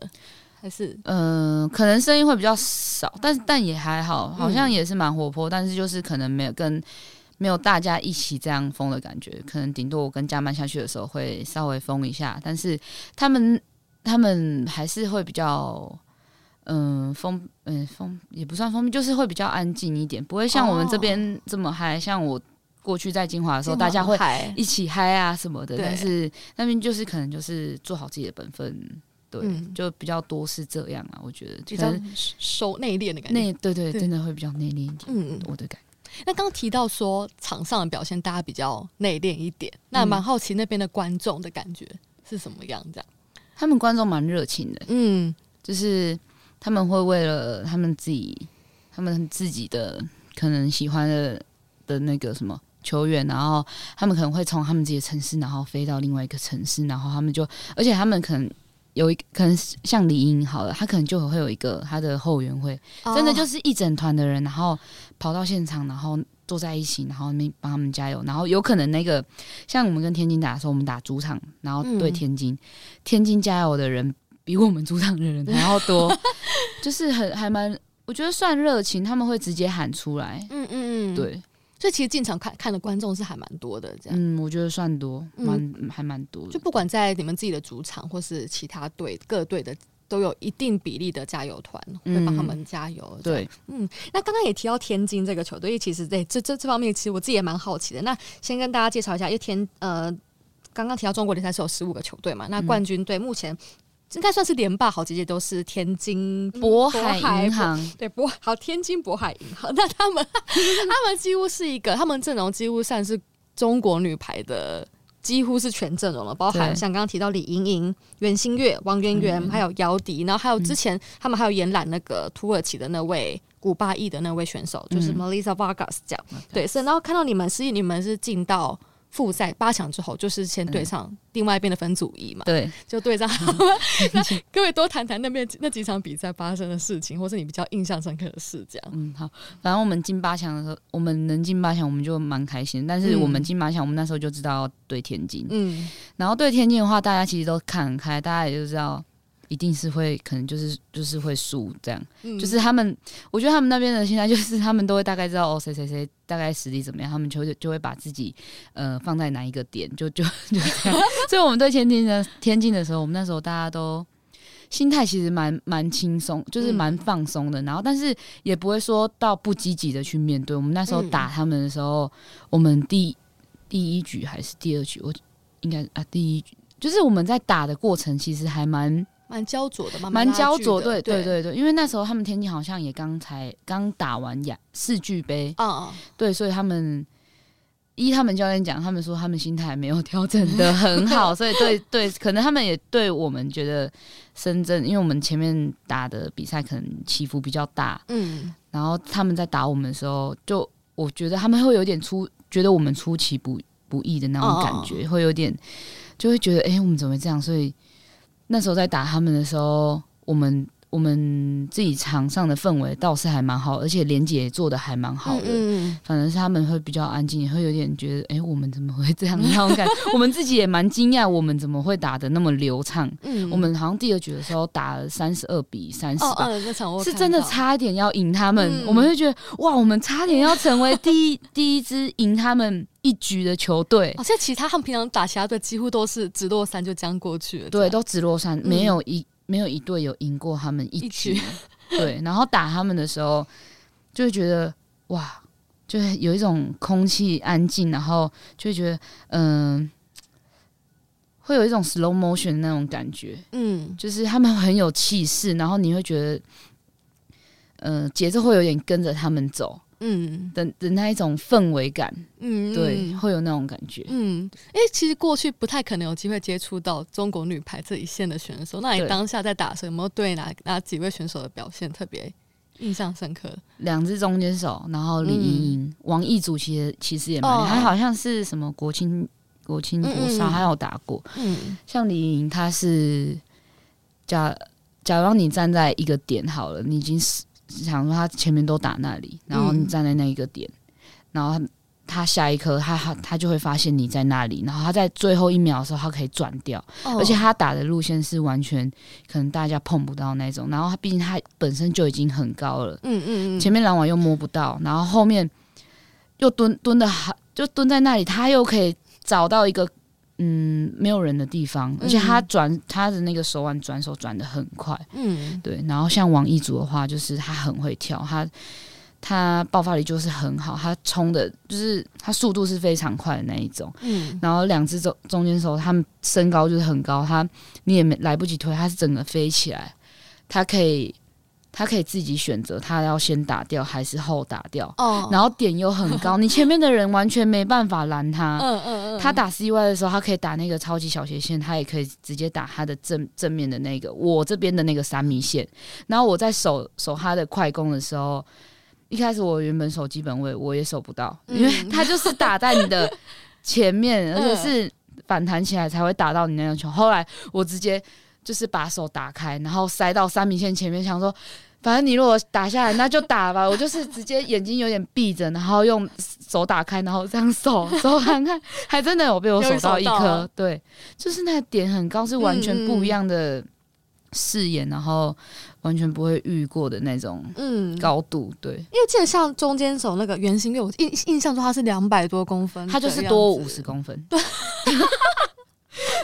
還是嗯、呃，可能聲音會比較少，但但也還好，好像也是蠻活潑，嗯、但是就是可能沒有跟沒有大家一起這樣瘋的感覺，可能頂多我跟加班下去的時候會稍微瘋一下，但是他們他們還是會比較嗯瘋嗯瘋也不算瘋，就是會比較安靜一點，不會像我們這邊這麼嗨，哦、像我。過去在金華的時候，嗨大家會一起嗨啊什麼的，對但是那邊就是可能就是做好自己的本分，對，嗯、就比較多是這樣啊。我覺得比較收內斂的感覺，對，對對，對真的會比較內斂一點。嗯，我的感覺。那剛剛提到說場上的表現，大家比較內斂一點，那蠻好奇那邊的觀眾的感覺是什麼樣？這樣，嗯，他們觀眾蠻熱情的，嗯，就是他們會為了他們自己、他們自己的可能喜歡的的那個什麼。球員，然後他們可能會從他們自己的城市，然後飛到另外一個城市，然後他們就，而且他們可能有一，可能像李盈好了，他可能就會有一個他的後援會，哦、真的就是一整團的人，然後跑到現場，然後坐在一起，然後那幫他們加油，然後有可能那個像我們跟天津打的時候，我們打主場，然後對天津，嗯、天津加油的人比我們主場的人還要多， 就是很還蠻，我覺得算熱情，他們會直接喊出來，嗯嗯嗯，對。這其實進場看看的觀眾是還蠻多的，這樣、嗯。嗯，我覺得算多，蠻、嗯、還蠻多。就不管在你們自己的主場，或是其他隊各隊的，都有一定比例的加油團會幫他們加油、嗯。對，嗯。那剛剛也提到天津這個球隊，其實對這這這方面，其實我自己也蠻好奇的。那先跟大家介紹一下，因為天呃，剛剛提到中國聯賽是有十五個球隊嘛，那冠軍隊目前，應該算是連霸，好幾屆都是天津渤海銀行，嗯、海銀行對，渤好天津渤海銀行。那他們， 他們幾乎是一個，他們陣容幾乎算是中國女排的，幾乎是全陣容了，包含像剛剛提到李盈瑩、袁心玥、王媛媛，嗯、還有姚迪，然後還有之前他、嗯、們還有延攬那個土耳其的那位、古巴裔的那位選手，就是 Melissa Vargas 這樣。嗯 okay. 對，所以然後看到你們，所以你們是進到。複賽八強之後，就是先對上另外一邊的分組一嘛，對，就對上。那各位多談談那邊那幾場比賽發生的事情，或是你比較印象深刻的事，這樣。嗯，好。反正我們進八強的時候，我們能進八強，我們就蠻開心。但是我們進八強，我們那時候就知道對天津。嗯，然後對天津的話，大家其實都看開，大家也就知道。一定是會，可能就是就是會輸這樣，嗯、就是他們，我覺得他們那邊的心態就是他們都會大概知道哦誰誰誰大概實力怎麼樣，他們就會就會把自己呃放在哪一個點，就就就這樣。 所以我們對天津的天津的時候，我們那時候大家都心態其實蠻蠻輕鬆，就是蠻放鬆的。嗯、然後但是也不會說到不積極的去面對。我們那時候打他們的時候，我們第第一局還是第二局，我應該啊第一局就是我們在打的過程其實還蠻。蠻焦灼的嘛，蠻焦灼，對對對對，因為那時候他們天津好像也剛才剛打完雅世俱杯哦對，所以他們依他們教練講，他們說他們心態沒有調整得很好， 所以對對， 可能他們也對我們覺得深圳，因為我們前面打的比賽可能起伏比較大，嗯，然後他們在打我們的時候，就我覺得他們會有點出，覺得我們出其不不意的那種感覺，oh. 會有點就會覺得哎、欸，我們怎麼會這樣，所以。那時候在打他們的時候，我們。我們自己場上的氛圍倒是還蠻好，而且連姐也做的還蠻好的。嗯嗯、反正是他們會比較安靜，也會有點覺得，哎、欸，我們怎麼會這樣那種感我們自己也蠻驚訝，我們怎麼會打得那麼流暢？嗯、我們好像第二局的時候打了三十二比三十的那場我是真的差一點要贏他們。嗯、我們會覺得，哇，我們差點要成為第一、嗯、第一支贏他們一局的球隊。好像、哦、其他他們平常打其他隊，幾乎都是直落三就這樣過去了。對，都直落三，沒有一。嗯沒有一隊有贏過他們一局，一集啊、對。然後打他們的時候，就會覺得哇，就是有一種空氣安靜，然後就會覺得嗯、呃，會有一種 slow motion 那種感覺，嗯，就是他們很有氣勢，然後你會覺得，嗯、呃，節奏會有點跟着他們走。嗯，的的那一種氛圍感，嗯，對，嗯、會有那種感覺，嗯，哎，其實過去不太可能有機會接觸到中國女排這一線的選手，那你當下在打的時候，有沒有對哪哪幾位選手的表現特別印象深刻？兩隻中間手，然後李盈瑩、嗯、王藝竹其實其實也蠻厲，害。哦、他好像是什麼國青、國青、國少，還、嗯嗯、有打過，嗯，像李盈瑩，她是假假如你站在一個點好了，你已經是。想說他前面都打那裡，然後你站在那一個點，嗯、然後他，他下一顆他他他就會發現你在那裡，然後他在最後一秒的時候他可以轉掉，哦、而且他打的路線是完全可能大家碰不到那種，然後他畢竟他本身就已經很高了，嗯嗯，嗯前面攔網又摸不到，然後後面又蹲蹲的好，就蹲在那裡，他又可以找到一個。嗯，沒有人的地方，而且他轉、嗯、哼他的那個手腕轉手轉得很快，嗯，對。然後像王一族的話，就是他很會跳，他他爆發力就是很好，他衝的就是他速度是非常快的那一種，嗯。然後兩只中中間的時候，他們身高就是很高，他你也沒來不及推，他是整個飛起來，他可以。他可以自己選擇，他要先打掉還是後打掉，oh. 然後點又很高，你前面的人完全沒辦法攔他。Uh, uh, uh. 他打 C 位的時候，他可以打那個超級小斜線，他也可以直接打他的正正面的那個我這邊的那個三米線。然後我在守守他的快攻的時候，一開始我原本守基本位，我也守不到，因為他就是打在你的前面， 而且是反彈起來才會打到你那球。後來我直接。就是把手打開，然後塞到三米線前面，想說，反正你如果打下來，那就打吧。 我就是直接眼睛有點閉着，然後用手打開，然後這樣搜搜看看，還真的有被我搜到一顆。一對，就是那個點很高，是完全不一樣的視野，嗯、然後完全不會遇過的那種。嗯，高度對。因為記得像中間手那個袁心玥，我印印象中它是兩百多公分，它就是多五十公分。對。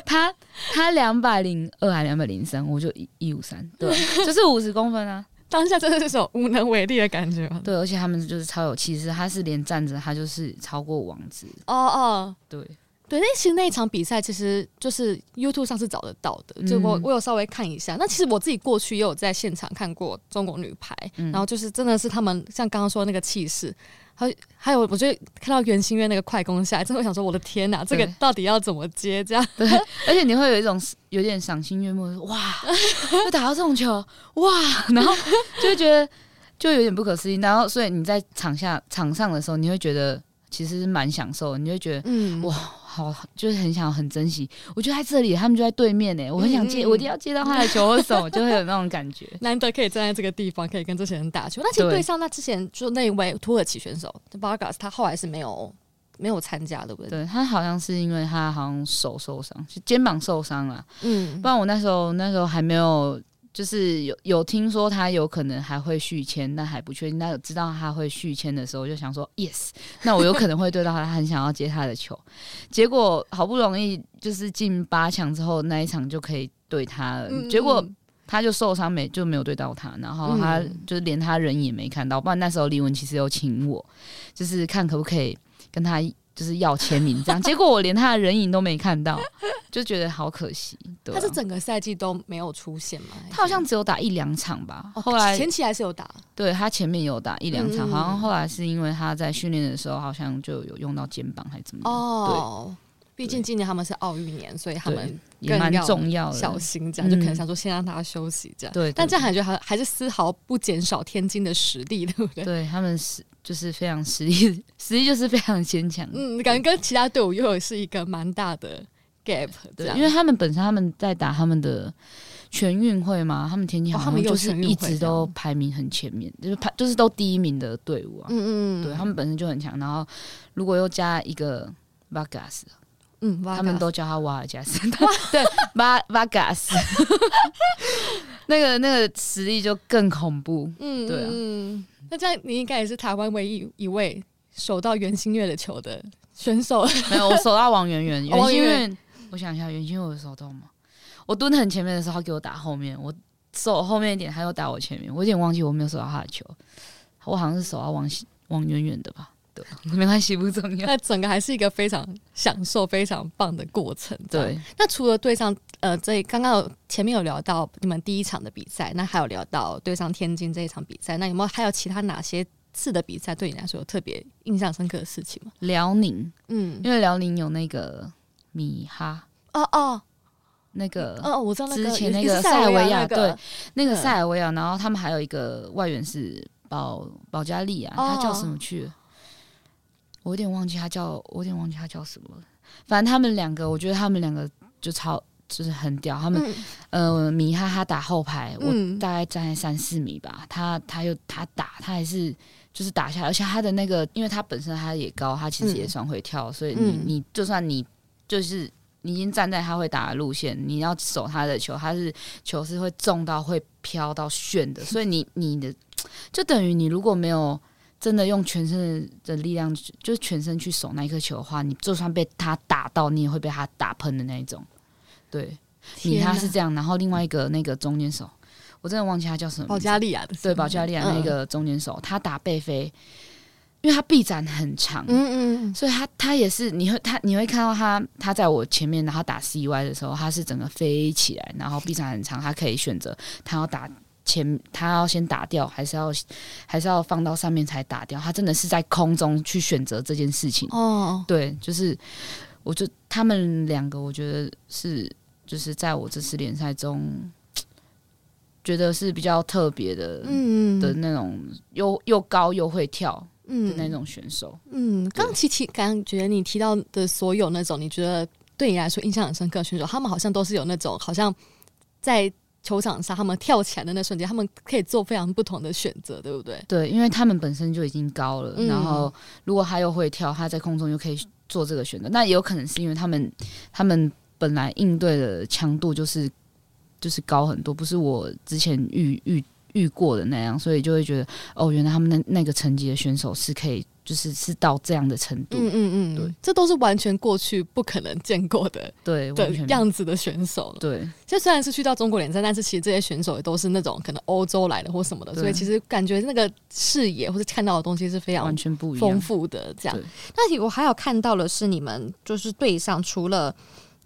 他他兩百零二還兩百零三，我就一一五三，對， 就是五十公分啊。當下真的是種無能為力的感覺，對，而且他們就是超有氣勢，他是連站着他就是超過王子。哦哦，對對。那其實那一場比賽其實就是 YouTube 上是找得到的，就我我有稍微看一下。那其實我自己過去也有在現場看過中國女排，然後就是真的是他們像剛剛說的那個氣勢。還還有，我就看到袁心玥那個快攻下來，真的想說我的天吶、啊，對這個到底要怎麼接？這樣對， 而且你會有一種有點賞心悅目的，哇， 就打到這種球，哇，然後就會覺得就有點不可思議。然後，所以你在場下場上的時候，你會覺得其實是蠻享受，你就會覺得嗯，哇。好，就是很想很珍惜。我就在這裡，他們就在對面呢、欸。我很想接、嗯，我一定要接到他的球的時候，就會有那種感覺。 難得可以站在這個地方，可以跟這些人打球。那其實對上那之前，就那一位土耳其選手巴嘎斯。對他後來是沒有沒有參加，對不對？對他好像是因為他好像手受傷，是肩膀受傷了。嗯，不然我那時候那時候還沒有。就是有有聽說他有可能還會續簽，但還不確定。那有知道他會續簽的時候，我就想說 yes，那我有可能會對到他， 很想要接他的球。結果好不容易就是進八強之後那一場就可以對他了，結果他就受傷沒就沒有對到他，然後他就是連他人也沒看到。不然那時候李文其實有請我，就是看可不可以跟他就是要簽名這樣，結果我連他的人影都沒看到，就覺得好可惜。他是整個賽季都沒有出現嘛，他好像只有打一兩場吧。後來前期還是有打，對，他前面有打一兩場，好像後來是因為他在訓練的時候好像就有用到肩膀還是怎麼？哦，畢竟今年他們是奧運年，所以他們也蠻重要的，更要小心，這樣就可能想說先讓他休息這樣。對，但這樣感覺還還是絲毫不減少天津的實力，對不對？對，他們是。就是非常實力，實力就是非常堅強。嗯，感覺跟其他隊伍又是一個蠻大的 gap，對，因為他們本身他們在打他們的全運會嘛，他們天津，好像就是一直都排名很前面，就是排就是都第一名的隊伍啊。嗯嗯對他們本身就很強，然後如果又加一個瓦格斯，嗯，他們都叫他瓦爾加斯，哇 對，瓦瓦加斯，那個那個實力就更恐怖。嗯,嗯，對啊。那這樣你應該也是台灣唯一一位守到袁心玥的球的選手。沒有，我守到王媛媛。袁心玥。Oh, 因我想一下，袁心玥有守到嗎？我蹲很前面的時候，她給我打後面；我守後面一點，她又打我前面。我有點忘記我沒有守到她的球。我好像是守到王王媛媛的吧？對，沒關係，不重要。那整個還是一個非常享受、非常棒的過程。對。那除了對上。呃，所以剛剛前面有聊到你們第一場的比賽，那還有聊到對上天津這一場比賽，那有沒有還有其他哪些次的比賽對你來說有特別印象深刻的事情嗎？遼寧，嗯，因為遼寧有那個米哈，哦哦，那個哦，我知道、那個、之前那個塞爾維亞，塞爾維亞那個、對，那個塞爾維亞，嗯、然後他們還有一個外援是保保加利亞，他叫什麼去？哦、我有點忘記他叫，我有點忘記他叫什麼了。反正他們兩個，我覺得他們兩個就超。就是很屌，他們，嗯、呃，米哈哈打後排，我大概站在三四米吧，嗯、他他又他打，他還是就是打下來，而且他的那個，因為他本身他也高，他其實也算會跳，嗯、所以你你就算你就是你已經站在他會打的路線，你要守他的球，他是球是會重到會飄到旋的，所以你你的就等於你如果沒有真的用全身的力量，就是全身去守那一顆球的話，你就算被他打到，你也會被他打噴的那一種。對，哪你他是這樣，然後另外一個那個中間手，我真的忘記他叫什麼。保加利亞的是，對，保加利亞那個中間手，嗯、他打背飛，因為他臂展很長，嗯，嗯嗯，所以他他也是，你會他你會看到他他在我前面，然後打 C Y 的時候，他是整個飛起來，然後臂展很長，他可以選擇他要打前，他要先打掉，還是要還是要放到上面才打掉？他真的是在空中去選擇這件事情。哦，對，就是，我就他們兩個，我覺得是。就是在我這次聯賽中，覺得是比較特別的，嗯嗯，的那種又又高又會跳的那種選手。嗯，剛奇奇感覺你提到的所有那種，你覺得對你來說印象很深刻的選手，他們好像都是有那種，好像在球場上他們跳起來的那瞬間，他們可以做非常不同的選擇，對不對？對，因為他們本身就已經高了，然後如果他又會跳，他在空中又可以做這個選擇，那也有可能是因為他們他們。本來應對的強度就是就是高很多，不是我之前遇遇遇過的那樣，所以就會覺得哦，原來他們那那個層級的選手是可以，就是是到這樣的程度，嗯嗯嗯，對，這都是完全過去不可能見過的，對，對完全樣子的選手，對，這雖然是去到中國聯賽，但是其實這些選手也都是那種可能歐洲來的或什麼的，對，所以其實感覺那個視野或者看到的東西是非常完全不一樣豐富的，這樣。那我還有看到的是，你們就是隊上除了。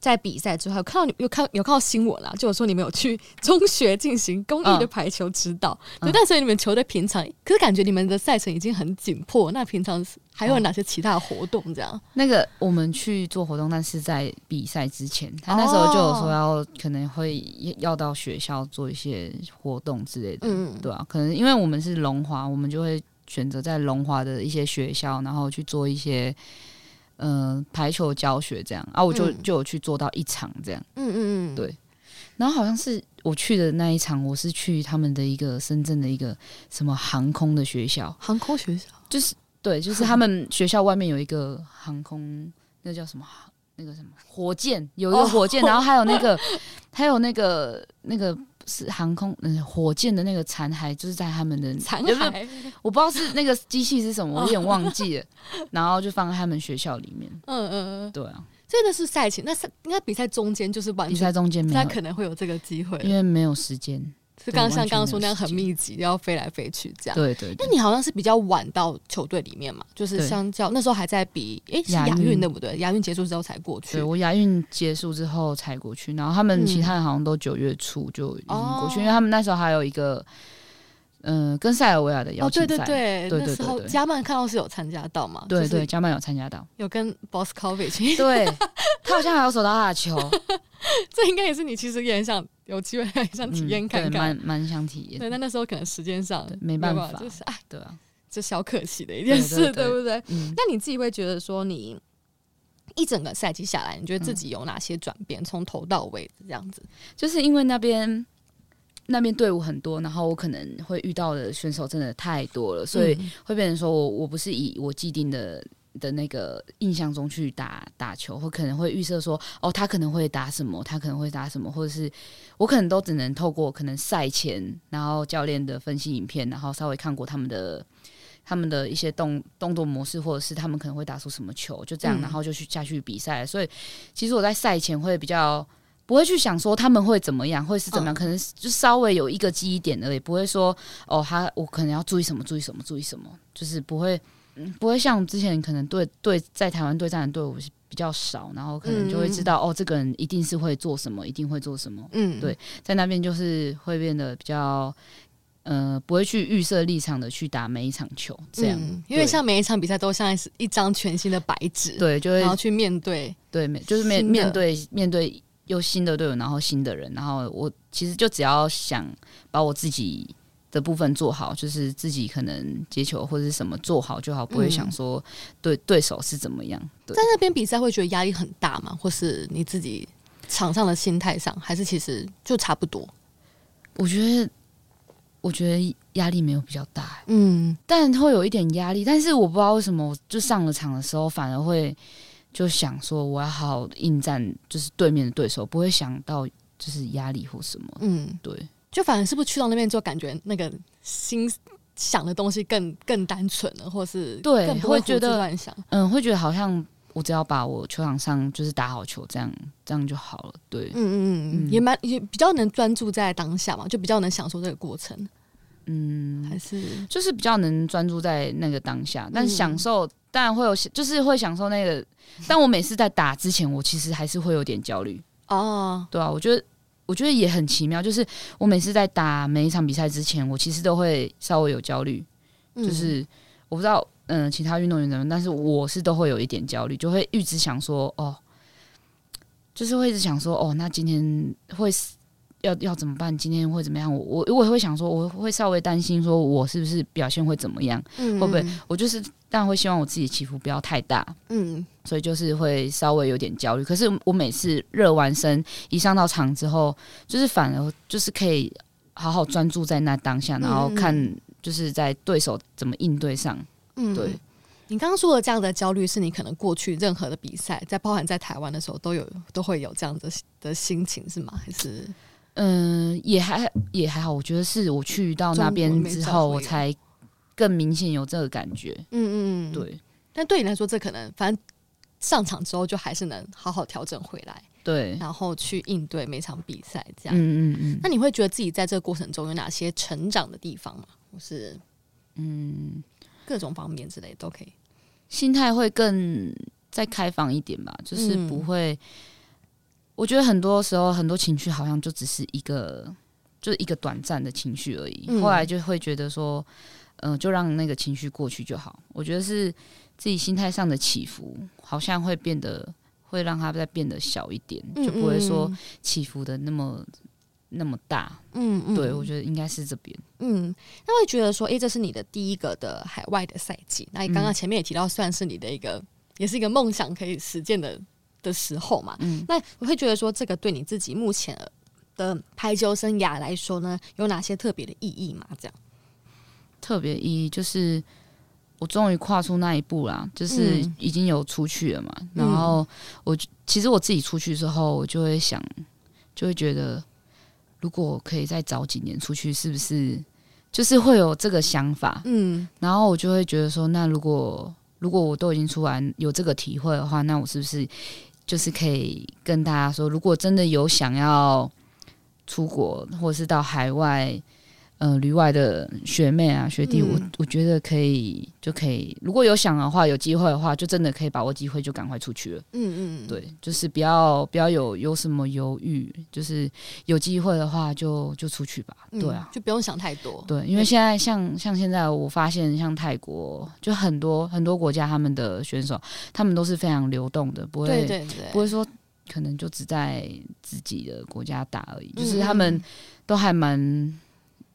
在比賽之後，看到你有看有看到新聞啦，就有說你們有去中學進行公益的排球指導。嗯、就但所以你們球隊平常，可是感覺你們的賽程已經很緊迫。那平常還有哪些其他的活動？這樣？那個我們去做活動，但是在比賽之前，他那時候就有說要可能會要到學校做一些活動之類的，嗯、對啊，可能因為我們是龍華，我們就會選擇在龍華的一些學校，然後去做一些。呃，排球教學這樣啊，我就就有去做到一場這樣，嗯嗯嗯，對。然後好像是我去的那一場，我是去他們的一個深圳的一個什麼航空的學校，航空學校，就是對，就是他們學校外面有一個航空，那叫什麼？那個什麼火箭，有一個火箭，哦、然後還有那個，還 有那個那個。是航空，嗯，火箭的那個殘骸就是在他們的殘骸，骸，我不知道是那個機器是什麼， 我有點忘記了。 然後就放在他們學校裡面。嗯嗯嗯，嗯對啊，這個是賽前，那是應該比賽中間就是完，比賽中間沒那可能會有這個機會，因為沒有時間。 是剛像剛剛說那樣很密集，要飛來飛去這樣。對，對對。那你好像是比較晚到球隊裡面嘛，就是相較對那時候還在比，哎是亞運對不對？亞運結束之後才過去。對，我亞運結束之後才過去，然後他們其他人好像都九月初就已經過去，嗯、因為他們那時候還有一個。嗯，跟塞爾維亞的邀請賽，對對對，那時候加曼看到是有參加到嘛？對對，加曼有參加到，有跟 Boss c 博斯科維奇，對，他好像還守到他的球，這應該也是你其實也很想有機會很想體驗看看。蠻蠻想體驗。對，那那時候可能時間上沒辦法，就是哎，對啊，這小可惜的一件事，對不對？那你自己會覺得說，你一整個賽季下來，你覺得自己有哪些轉變？從頭到尾這樣子，就是因為那邊。那邊隊伍很多，然後我可能會遇到的選手真的太多了，所以會變成說我我不是以我既定的的那個印象中去打打球，或可能會預設說哦，他可能會打什麼，他可能會打什麼，或者是我可能都只能透過可能賽前，然後教練的分析影片，然後稍微看過他們的他們的一些動動作模式，或者是他們可能會打出什麼球，就這樣，然後就去下去比賽了。所以其實我在賽前會比較。不會去想說他們會怎麼樣，會是怎麼樣，嗯、可能就稍微有一個記憶點而已，不會說哦，他我可能要注意什麼，注意什麼，注意什麼，就是不會，嗯、不會像之前可能對對在台灣對戰的隊伍是比較少，然後可能就會知道、嗯、哦，這個人一定是會做什麼，一定會做什麼，嗯，對，在那邊就是會變得比較，呃，不會去預設立場的去打每一場球，這樣，嗯、因為像每一場比賽都像是一張全新的白紙，對，就會然後去面對，對，面就是面面對面對。有新的隊友，然後新的人，然後我其實就只要想把我自己的部分做好，就是自己可能接球或者是什麼做好就好，不會想說對對手是怎麼樣。嗯、對在那邊比賽會覺得壓力很大嗎？或是你自己場上的心態上，還是其實就差不多？我覺得，我覺得壓力沒有比較大，嗯，但會有一點壓力。但是我不知道為什麼，我就上了場的時候反而會。就想說我要好好應戰，就是對面的對手，不會想到就是壓力或什麼。嗯，對。就反正是不是去到那邊就感覺那個心想的東西更更單純了，或是對，更不會覺得亂想。嗯，會覺得好像我只要把我球場上就是打好球，這樣這樣就好了。對，嗯嗯嗯，嗯嗯也蠻也比較能專注在當下嘛，就比較能享受這個過程。嗯，還是就是比較能專注在那個當下，但享受、嗯。當然會有，就是會享受那個。但我每次在打之前，我其實還是會有點焦慮哦。Oh. 對啊，我覺得，我覺得也很奇妙。就是我每次在打每一場比賽之前，我其實都會稍微有焦慮。就是、mm hmm. 我不知道，嗯、呃，其他運動員怎麼，但是我是都會有一點焦慮，就會一直想說，哦，就是會一直想說，哦，那今天會要要怎麼辦？今天會怎麼樣？我我也會想說，我會稍微擔心，說我是不是表現會怎麼樣？Mm hmm. 會不會？我就是。但會希望我自己起伏不要太大，嗯，所以就是會稍微有點焦慮。可是我每次熱完身一上到場之後，就是反而就是可以好好專注在那當下，然後看就是在對手怎麼應對上。嗯，對。嗯，你剛剛說的這樣的焦慮，是你可能過去任何的比賽，在包含在台灣的時候，都有都會有這樣的的心情是嗎？還是？嗯，也還也還好，我覺得是我去到那邊之後，我才。更明顯有這個感覺，嗯嗯嗯，對。但對你來說，這可能反正上場之後就還是能好好調整回來，對，然後去應對每場比賽，這樣。嗯嗯嗯。那你會覺得自己在這個過程中有哪些成長的地方嗎？是嗯，各種方面之類都可以。心態會更再開放一點吧，就是不會。嗯、我覺得很多時候，很多情緒好像就只是一個，就是一個短暫的情緒而已，嗯、後來就會覺得說。嗯、呃，就讓那個情緒過去就好。我覺得是自己心態上的起伏，好像會變得會讓它再變得小一點，嗯嗯，就不會說起伏的那麼那麼大。嗯，嗯，對，我覺得應該是這邊。嗯，那會覺得說，哎、欸，這是你的第一個的海外的賽季。那你剛剛前面也提到，算是你的一個、嗯、也是一個夢想可以實現的的時候嘛。嗯，那我會覺得說，這個對你自己目前的排球生涯來說呢，有哪些特別的意義嘛？這樣。特別意義就是我終於跨出那一步啦，就是已經有出去了嘛。嗯、然後我其實我自己出去之後，我就會想，就會覺得，如果我可以再早幾年出去，是不是就是會有這個想法？嗯，然後我就會覺得說，那如果如果，我都已經出來有這個體會的話，那我是不是就是可以跟大家說，如果真的有想要出國或者是到海外，呃，旅外的學妹啊、學弟，嗯、我我覺得可以，就可以。如果有想的話，有機會的話，就真的可以把握機會，就趕快出去了。嗯，嗯嗯，對，就是不要不要有有什麼猶豫，就是有機會的話就就出去吧。對啊、嗯，就不用想太多。對，因為現在像像現在，我發現像泰國，就很多很多國家，他們的選手他們都是非常流動的，不會，對對對，不會說可能就只在自己的國家打而已，就是他們都還蠻。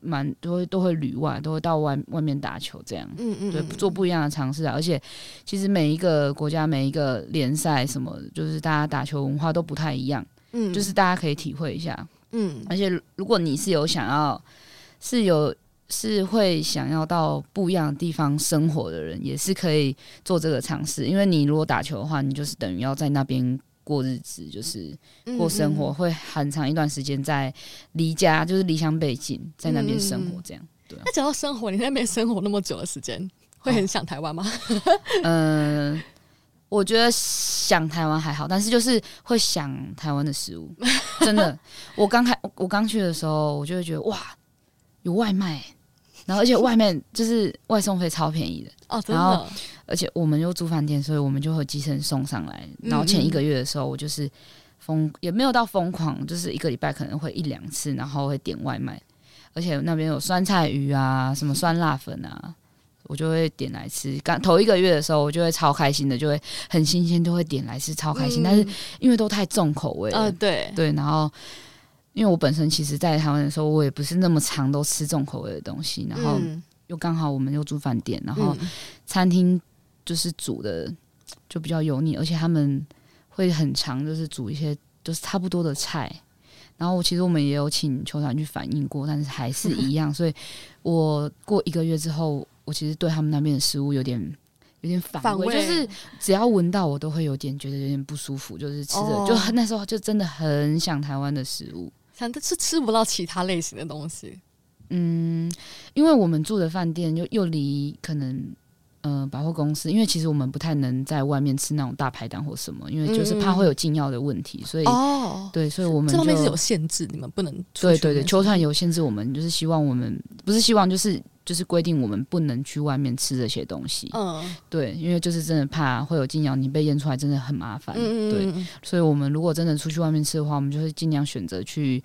蠻都會都會旅外，都會到外外面打球，這樣，嗯嗯、對，做不一樣的嘗試啊。而且，其實每一個國家、每一個聯賽，什麼就是大家打球文化都不太一樣，嗯，就是大家可以體會一下，嗯。而且，如果你是有想要是有是會想要到不一樣的地方生活的人，也是可以做這個嘗試。因為你如果打球的話，你就是等於要在那邊。過日子就是過生活，嗯嗯、會很長一段時間在離家，嗯、就是離鄉背井，在那邊生活這樣。對，那只要生活，你在那邊生活那麼久的時間，啊、會很想台灣嗎？嗯、啊 呃，我覺得想台灣還好，但是就是會想台灣的食物。 真的，我剛開我剛去的時候，我就會覺得哇，有外賣、欸。然後，而且外面就是外送費超便宜的。哦，真的？然後，而且我們又住飯店，所以我們就會寄生送上來。然後前一個月的時候，我就是瘋，嗯嗯、也沒有到瘋狂，就是一個禮拜可能會一兩次，然後會點外賣。而且那邊有酸菜魚啊，什麼酸辣粉啊，我就會點來吃。剛頭一個月的時候，我就會超開心的，就會很新鮮，就會點來吃，超開心。嗯、但是因為都太重口味了，呃、對對，然後。因為我本身其實在台灣的時候，我也不是那麼常都吃重口味的東西，然後又剛好我們又住飯店，然後餐廳就是煮的就比較油膩，而且他們會很常就是煮一些就是差不多的菜，然後我其實我們也有請球團去反映過，但是還是一樣， 所以我過一個月之後，我其實對他們那邊的食物有點有點反，反胃，就是只要聞到我都會有點覺得有點不舒服，就是吃的、哦、就那時候就真的很想台灣的食物。但是吃不到其他類型的東西，嗯，因為我們住的飯店又又離可能呃百貨公司，因為其實我們不太能在外面吃那種大排檔或什麼，因為就是怕會有禁藥的問題，嗯、所以哦，對，所以我們這方面是有限制，你們不能對對對，球團有限制，我們就是希望我們不是希望就是。就是規定我們不能去外面吃這些東西，哦、對，因為就是真的怕會有禁藥，你被驗出來真的很麻煩，嗯、對，所以我們如果真的出去外面吃的話，我們就是盡量選擇去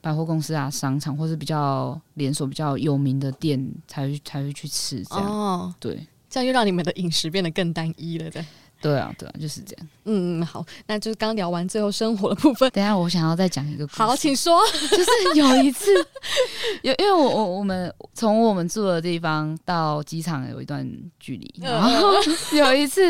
百貨公司啊、商場，或是比較連鎖、比較有名的店才會才會去吃，這樣，哦、對，這樣又讓你們的飲食變得更單一了，對。對啊，對啊，就是這樣。嗯嗯，好，那就是剛聊完最後生活的部分，等一下我想要再講一個故事。好，請說。就是有一次， 有因為我我我們從我們住的地方到機場有一段距離。 然後有一次，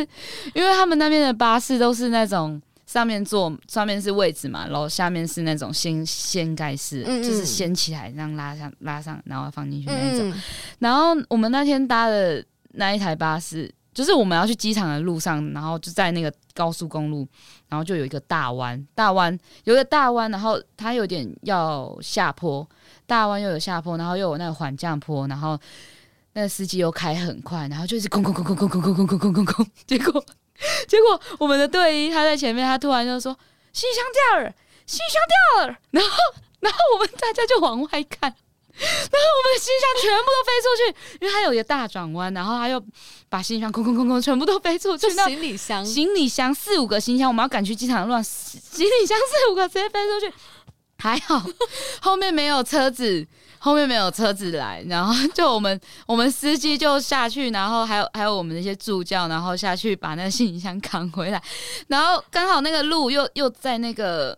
因為他們那邊的巴士都是那種上面坐，上面是位置嘛，然後下面是那種掀掀蓋式，嗯嗯，就是掀起來這樣拉上拉上，然後放進去那種。嗯、然後我們那天搭的那一台巴士，就是我們要去機場的路上，然後就在那個高速公路，然後就有一個大彎，大彎有個大彎，然後它有點要下坡，大彎又有下坡，然後又有那個緩降坡，然後那個司機又開很快，然後就是空空空空空空空空空，空結果結果我們的隊醫他在前面，他突然就說行李箱掉了，行李箱掉了，然後然後我們大家就往外看。 然後我們的行李箱全部都飛出去， 因為它有一個大轉彎，然後他又把行李箱空空空空全部都飛出去。行李箱，行李箱四五個行李箱，我們要趕去機場亂。行李箱四五個直接飛出去，還好後面沒有車子， 後面沒有車子來。然後就我們我們司機就下去，然後還有還有我們那些助教，然後下去把那個行李箱扛回來。然後剛好那個路又又在那個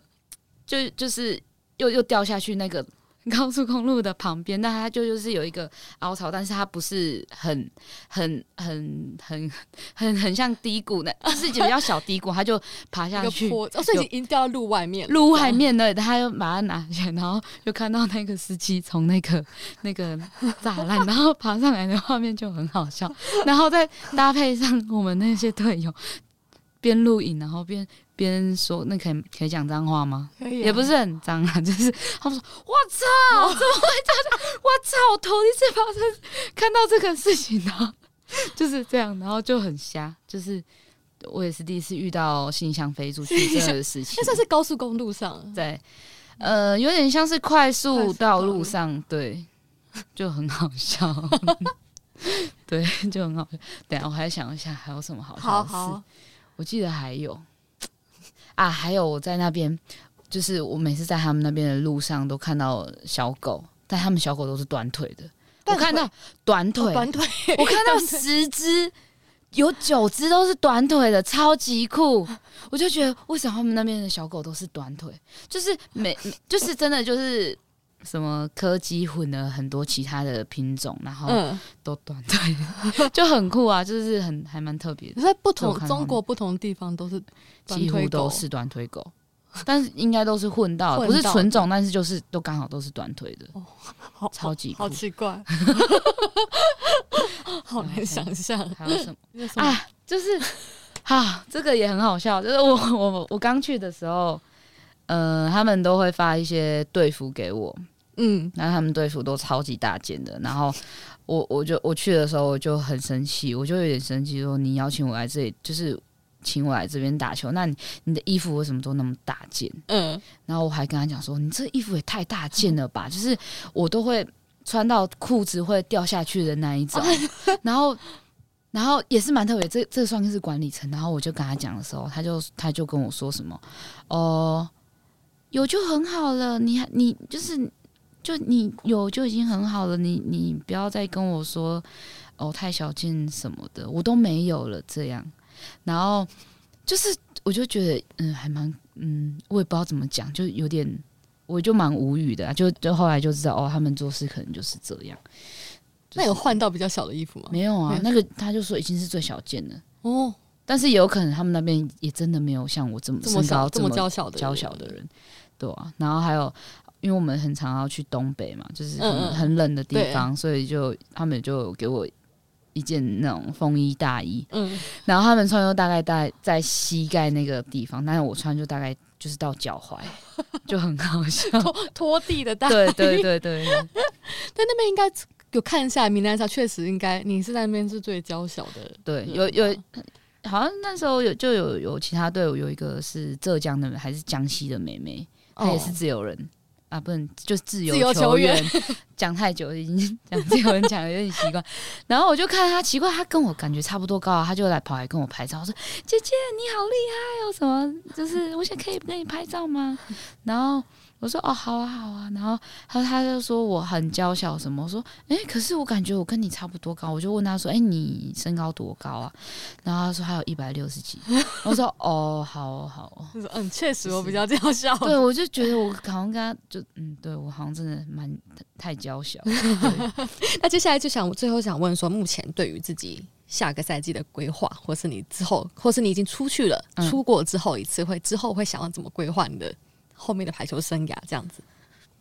就就是又又掉下去那個，高速公路的旁邊，那它就就是有一個凹槽，但是它不是很、很、很、很、很、很像低谷的，那自己比較小低谷，他 就爬下去，所以已經掉到路外面，路外面的， 他就馬上拿起來，然後就看到那個司機從那個那個柵欄，然後爬上來的畫面就很好笑， 然後再搭配上我們那些隊友邊錄影，然後邊。別人說，那可以可以講髒話嗎？可以，啊，也不是很髒啊，就是他們說“我操，哇怎麼會這樣？我操，啊，我頭一次發生看到這個事情呢，就是這樣，然後就很瞎。就是我也是第一次遇到信箱飛出去這個事情，那算是高速公路上，在呃，有點像是快速道路上，對，就很好笑， 對，就很好笑。等下我還想一下還有什麼好笑的事，好好，我記得還有。啊，還有我在那邊，就是我每次在他們那邊的路上都看到小狗，但他們小狗都是短腿的。腿我看到短腿，短腿，我看到十隻，腿有九隻都是短腿的，超級酷。 我就覺得，為什麼他們那邊的小狗都是短腿？就是每，就是真的就是。什麼柯基混了很多其他的品種，然後都短腿，嗯、 就很酷啊！就是很還蠻特別的。在不同看看中國不同地方都是幾乎都是短腿狗，但是應該都是混到，混到不是純種，對 但是就是都剛好都是短腿的，哦、超級酷好,好奇怪， 好難想象。 還有什麼為啊？就是啊，這個也很好笑。就是我我我剛去的時候。嗯、呃，他們都會發一些隊服給我，嗯，然後他們隊服都超級大件的。然後我我就我去的時候，我就很生氣，我就有點生氣，說你邀請我來這裡，就是請我來這邊打球，那你你的衣服為什麼都那麼大件？嗯，然後我還跟他講說，你這衣服也太大件了吧？就是我都會穿到褲子會掉下去的那一種。啊、然後，然後也是蠻特別，這這算是管理層。然後我就跟他講的時候，他就他就跟我說什麼，哦、呃。有就很好了，你你就是就你有就已經很好了，你你不要再跟我說哦太小件什麼的，我都沒有了這樣。然後就是我就覺得嗯還蠻嗯我也不知道怎麼講，就有點我就蠻無語的啊，就就後來就知道哦他們做事可能就是這樣。就是，那有換到比較小的衣服嗎？沒有啊，有那個他就說已經是最小件了哦，但是也有可能他們那邊也真的沒有像我這麼這麼這麼嬌小的嬌小的人。對啊，然後還有，因為我們很常要去東北嘛，就是很，嗯嗯很冷的地方，對所以就他們就給我一件那種風衣大衣，嗯，然後他們穿就大概在在膝蓋那個地方，但是我穿就大概就是到腳踝，就很搞笑， 拖拖地的大衣，對對對對，對對對對 但那邊應該有看一下，下，名單上確實應該你是在那邊是最嬌小的，對，吧有有，好像那時候有就有有其他隊友，有一個是浙江的還是江西的妹妹。他也是自由人，哦，啊，不能就是自由球員。講 太久已經講自由人講有點奇怪。 然後我就看他奇怪，他跟我感覺差不多高，啊，他就來跑來跟我拍照，我說：“姐姐你好厲害哦，什麼就是我想可以跟你拍照嗎？” 然後。我說哦，好啊，好啊。然後他就說我很嬌小什麼。我說哎，欸，可是我感覺我跟你差不多高。我就問他說，哎，欸，你身高多高啊？然後他說還有一百六十幾。我說哦，好啊，好啊，好啊。就是。嗯，確實我比較嬌小。對，我就覺得我好像跟他就嗯，對我好像真的蠻太嬌小。 那接下來就想，我最後想問說，目前對於自己下個賽季的規劃，或是你之後，或是你已經出去了出國之後一次會之後會想要怎麼規劃你的？後面的排球生涯這樣子，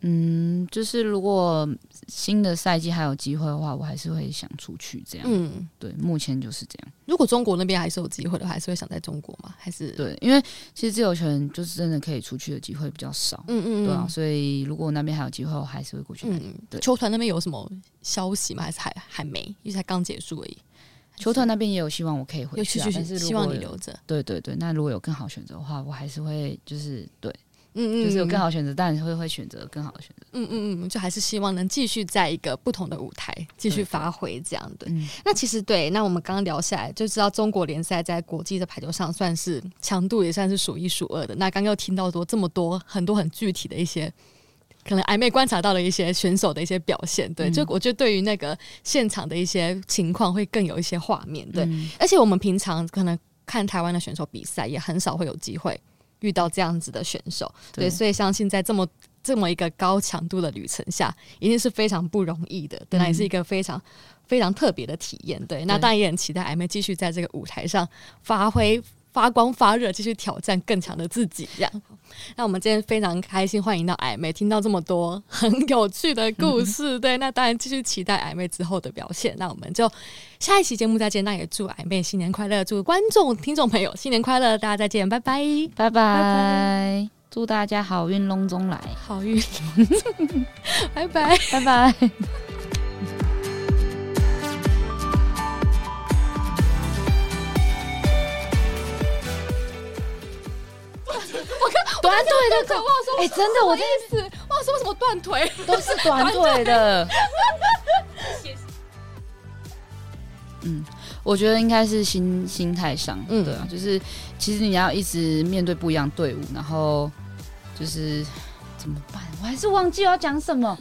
嗯，就是如果新的賽季還有機會的話，我還是會想出去這樣。嗯，對，目前就是這樣。如果中國那邊還是有機會的話，還是會想在中國嗎？還是對，因為其實自由球員就是真的可以出去的機會比較少。嗯嗯，嗯，對啊，所以如果那邊還有機會，我還是會過去。嗯，對。球團那邊有什麼消息嗎？還是還還沒？因為才剛結束而已。球團那邊也有希望我可以回去，去去去，但是希望你留着。對對對，那如果有更好選擇的話，我還是會就是對。嗯嗯，就是有更好選擇，但你會會選擇更好的選擇。嗯嗯嗯，就還是希望能繼續在一個不同的舞台繼續發揮這樣的。那其實對，那我們剛剛聊下來就知道，中國聯賽在國際的排球上算是強度也算是數一數二的。那剛剛又聽到說這麼多很多很具體的一些，可能矮妹觀察到的一些選手的一些表現，對，嗯、就我覺得對於那個現場的一些情況會更有一些畫面。對，嗯、而且我們平常可能看台灣的選手比賽也很少會有機會遇到這樣子的選手，對，所以相信在這麼這麼一個高強度的旅程下，一定是非常不容易的，對，那也是一個非常、嗯、非常特別的體驗。對，那當然也很期待矮妹繼續在這個舞台上發揮。發光發熱，繼續挑戰更強的自己，這樣。那我們今天非常開心，歡迎到矮妹，聽到這麼多很有趣的故事，嗯、對。那當然，繼續期待矮妹之後的表現。那我們就下一期節目再見，那也祝矮妹新年快樂，祝觀眾聽眾朋友新年快樂，大家再見，拜拜拜拜，祝大家好運隆中來，好運隆中，拜拜拜拜。Bye bye 我跟短腿的我跟說，哎、欸，真的，我第一次，哇，說什麼斷腿？都是短腿的。 團隊 嗯，我覺得應該是心心態上，嗯，對啊，就是其實你要一直面對不一樣的隊伍，然後就是怎麼辦？我還是忘記要講什麼，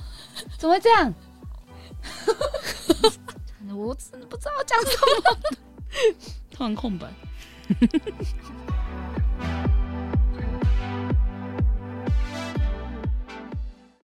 怎麼會這樣？ 我真的不知道要講什麼，突然 空白。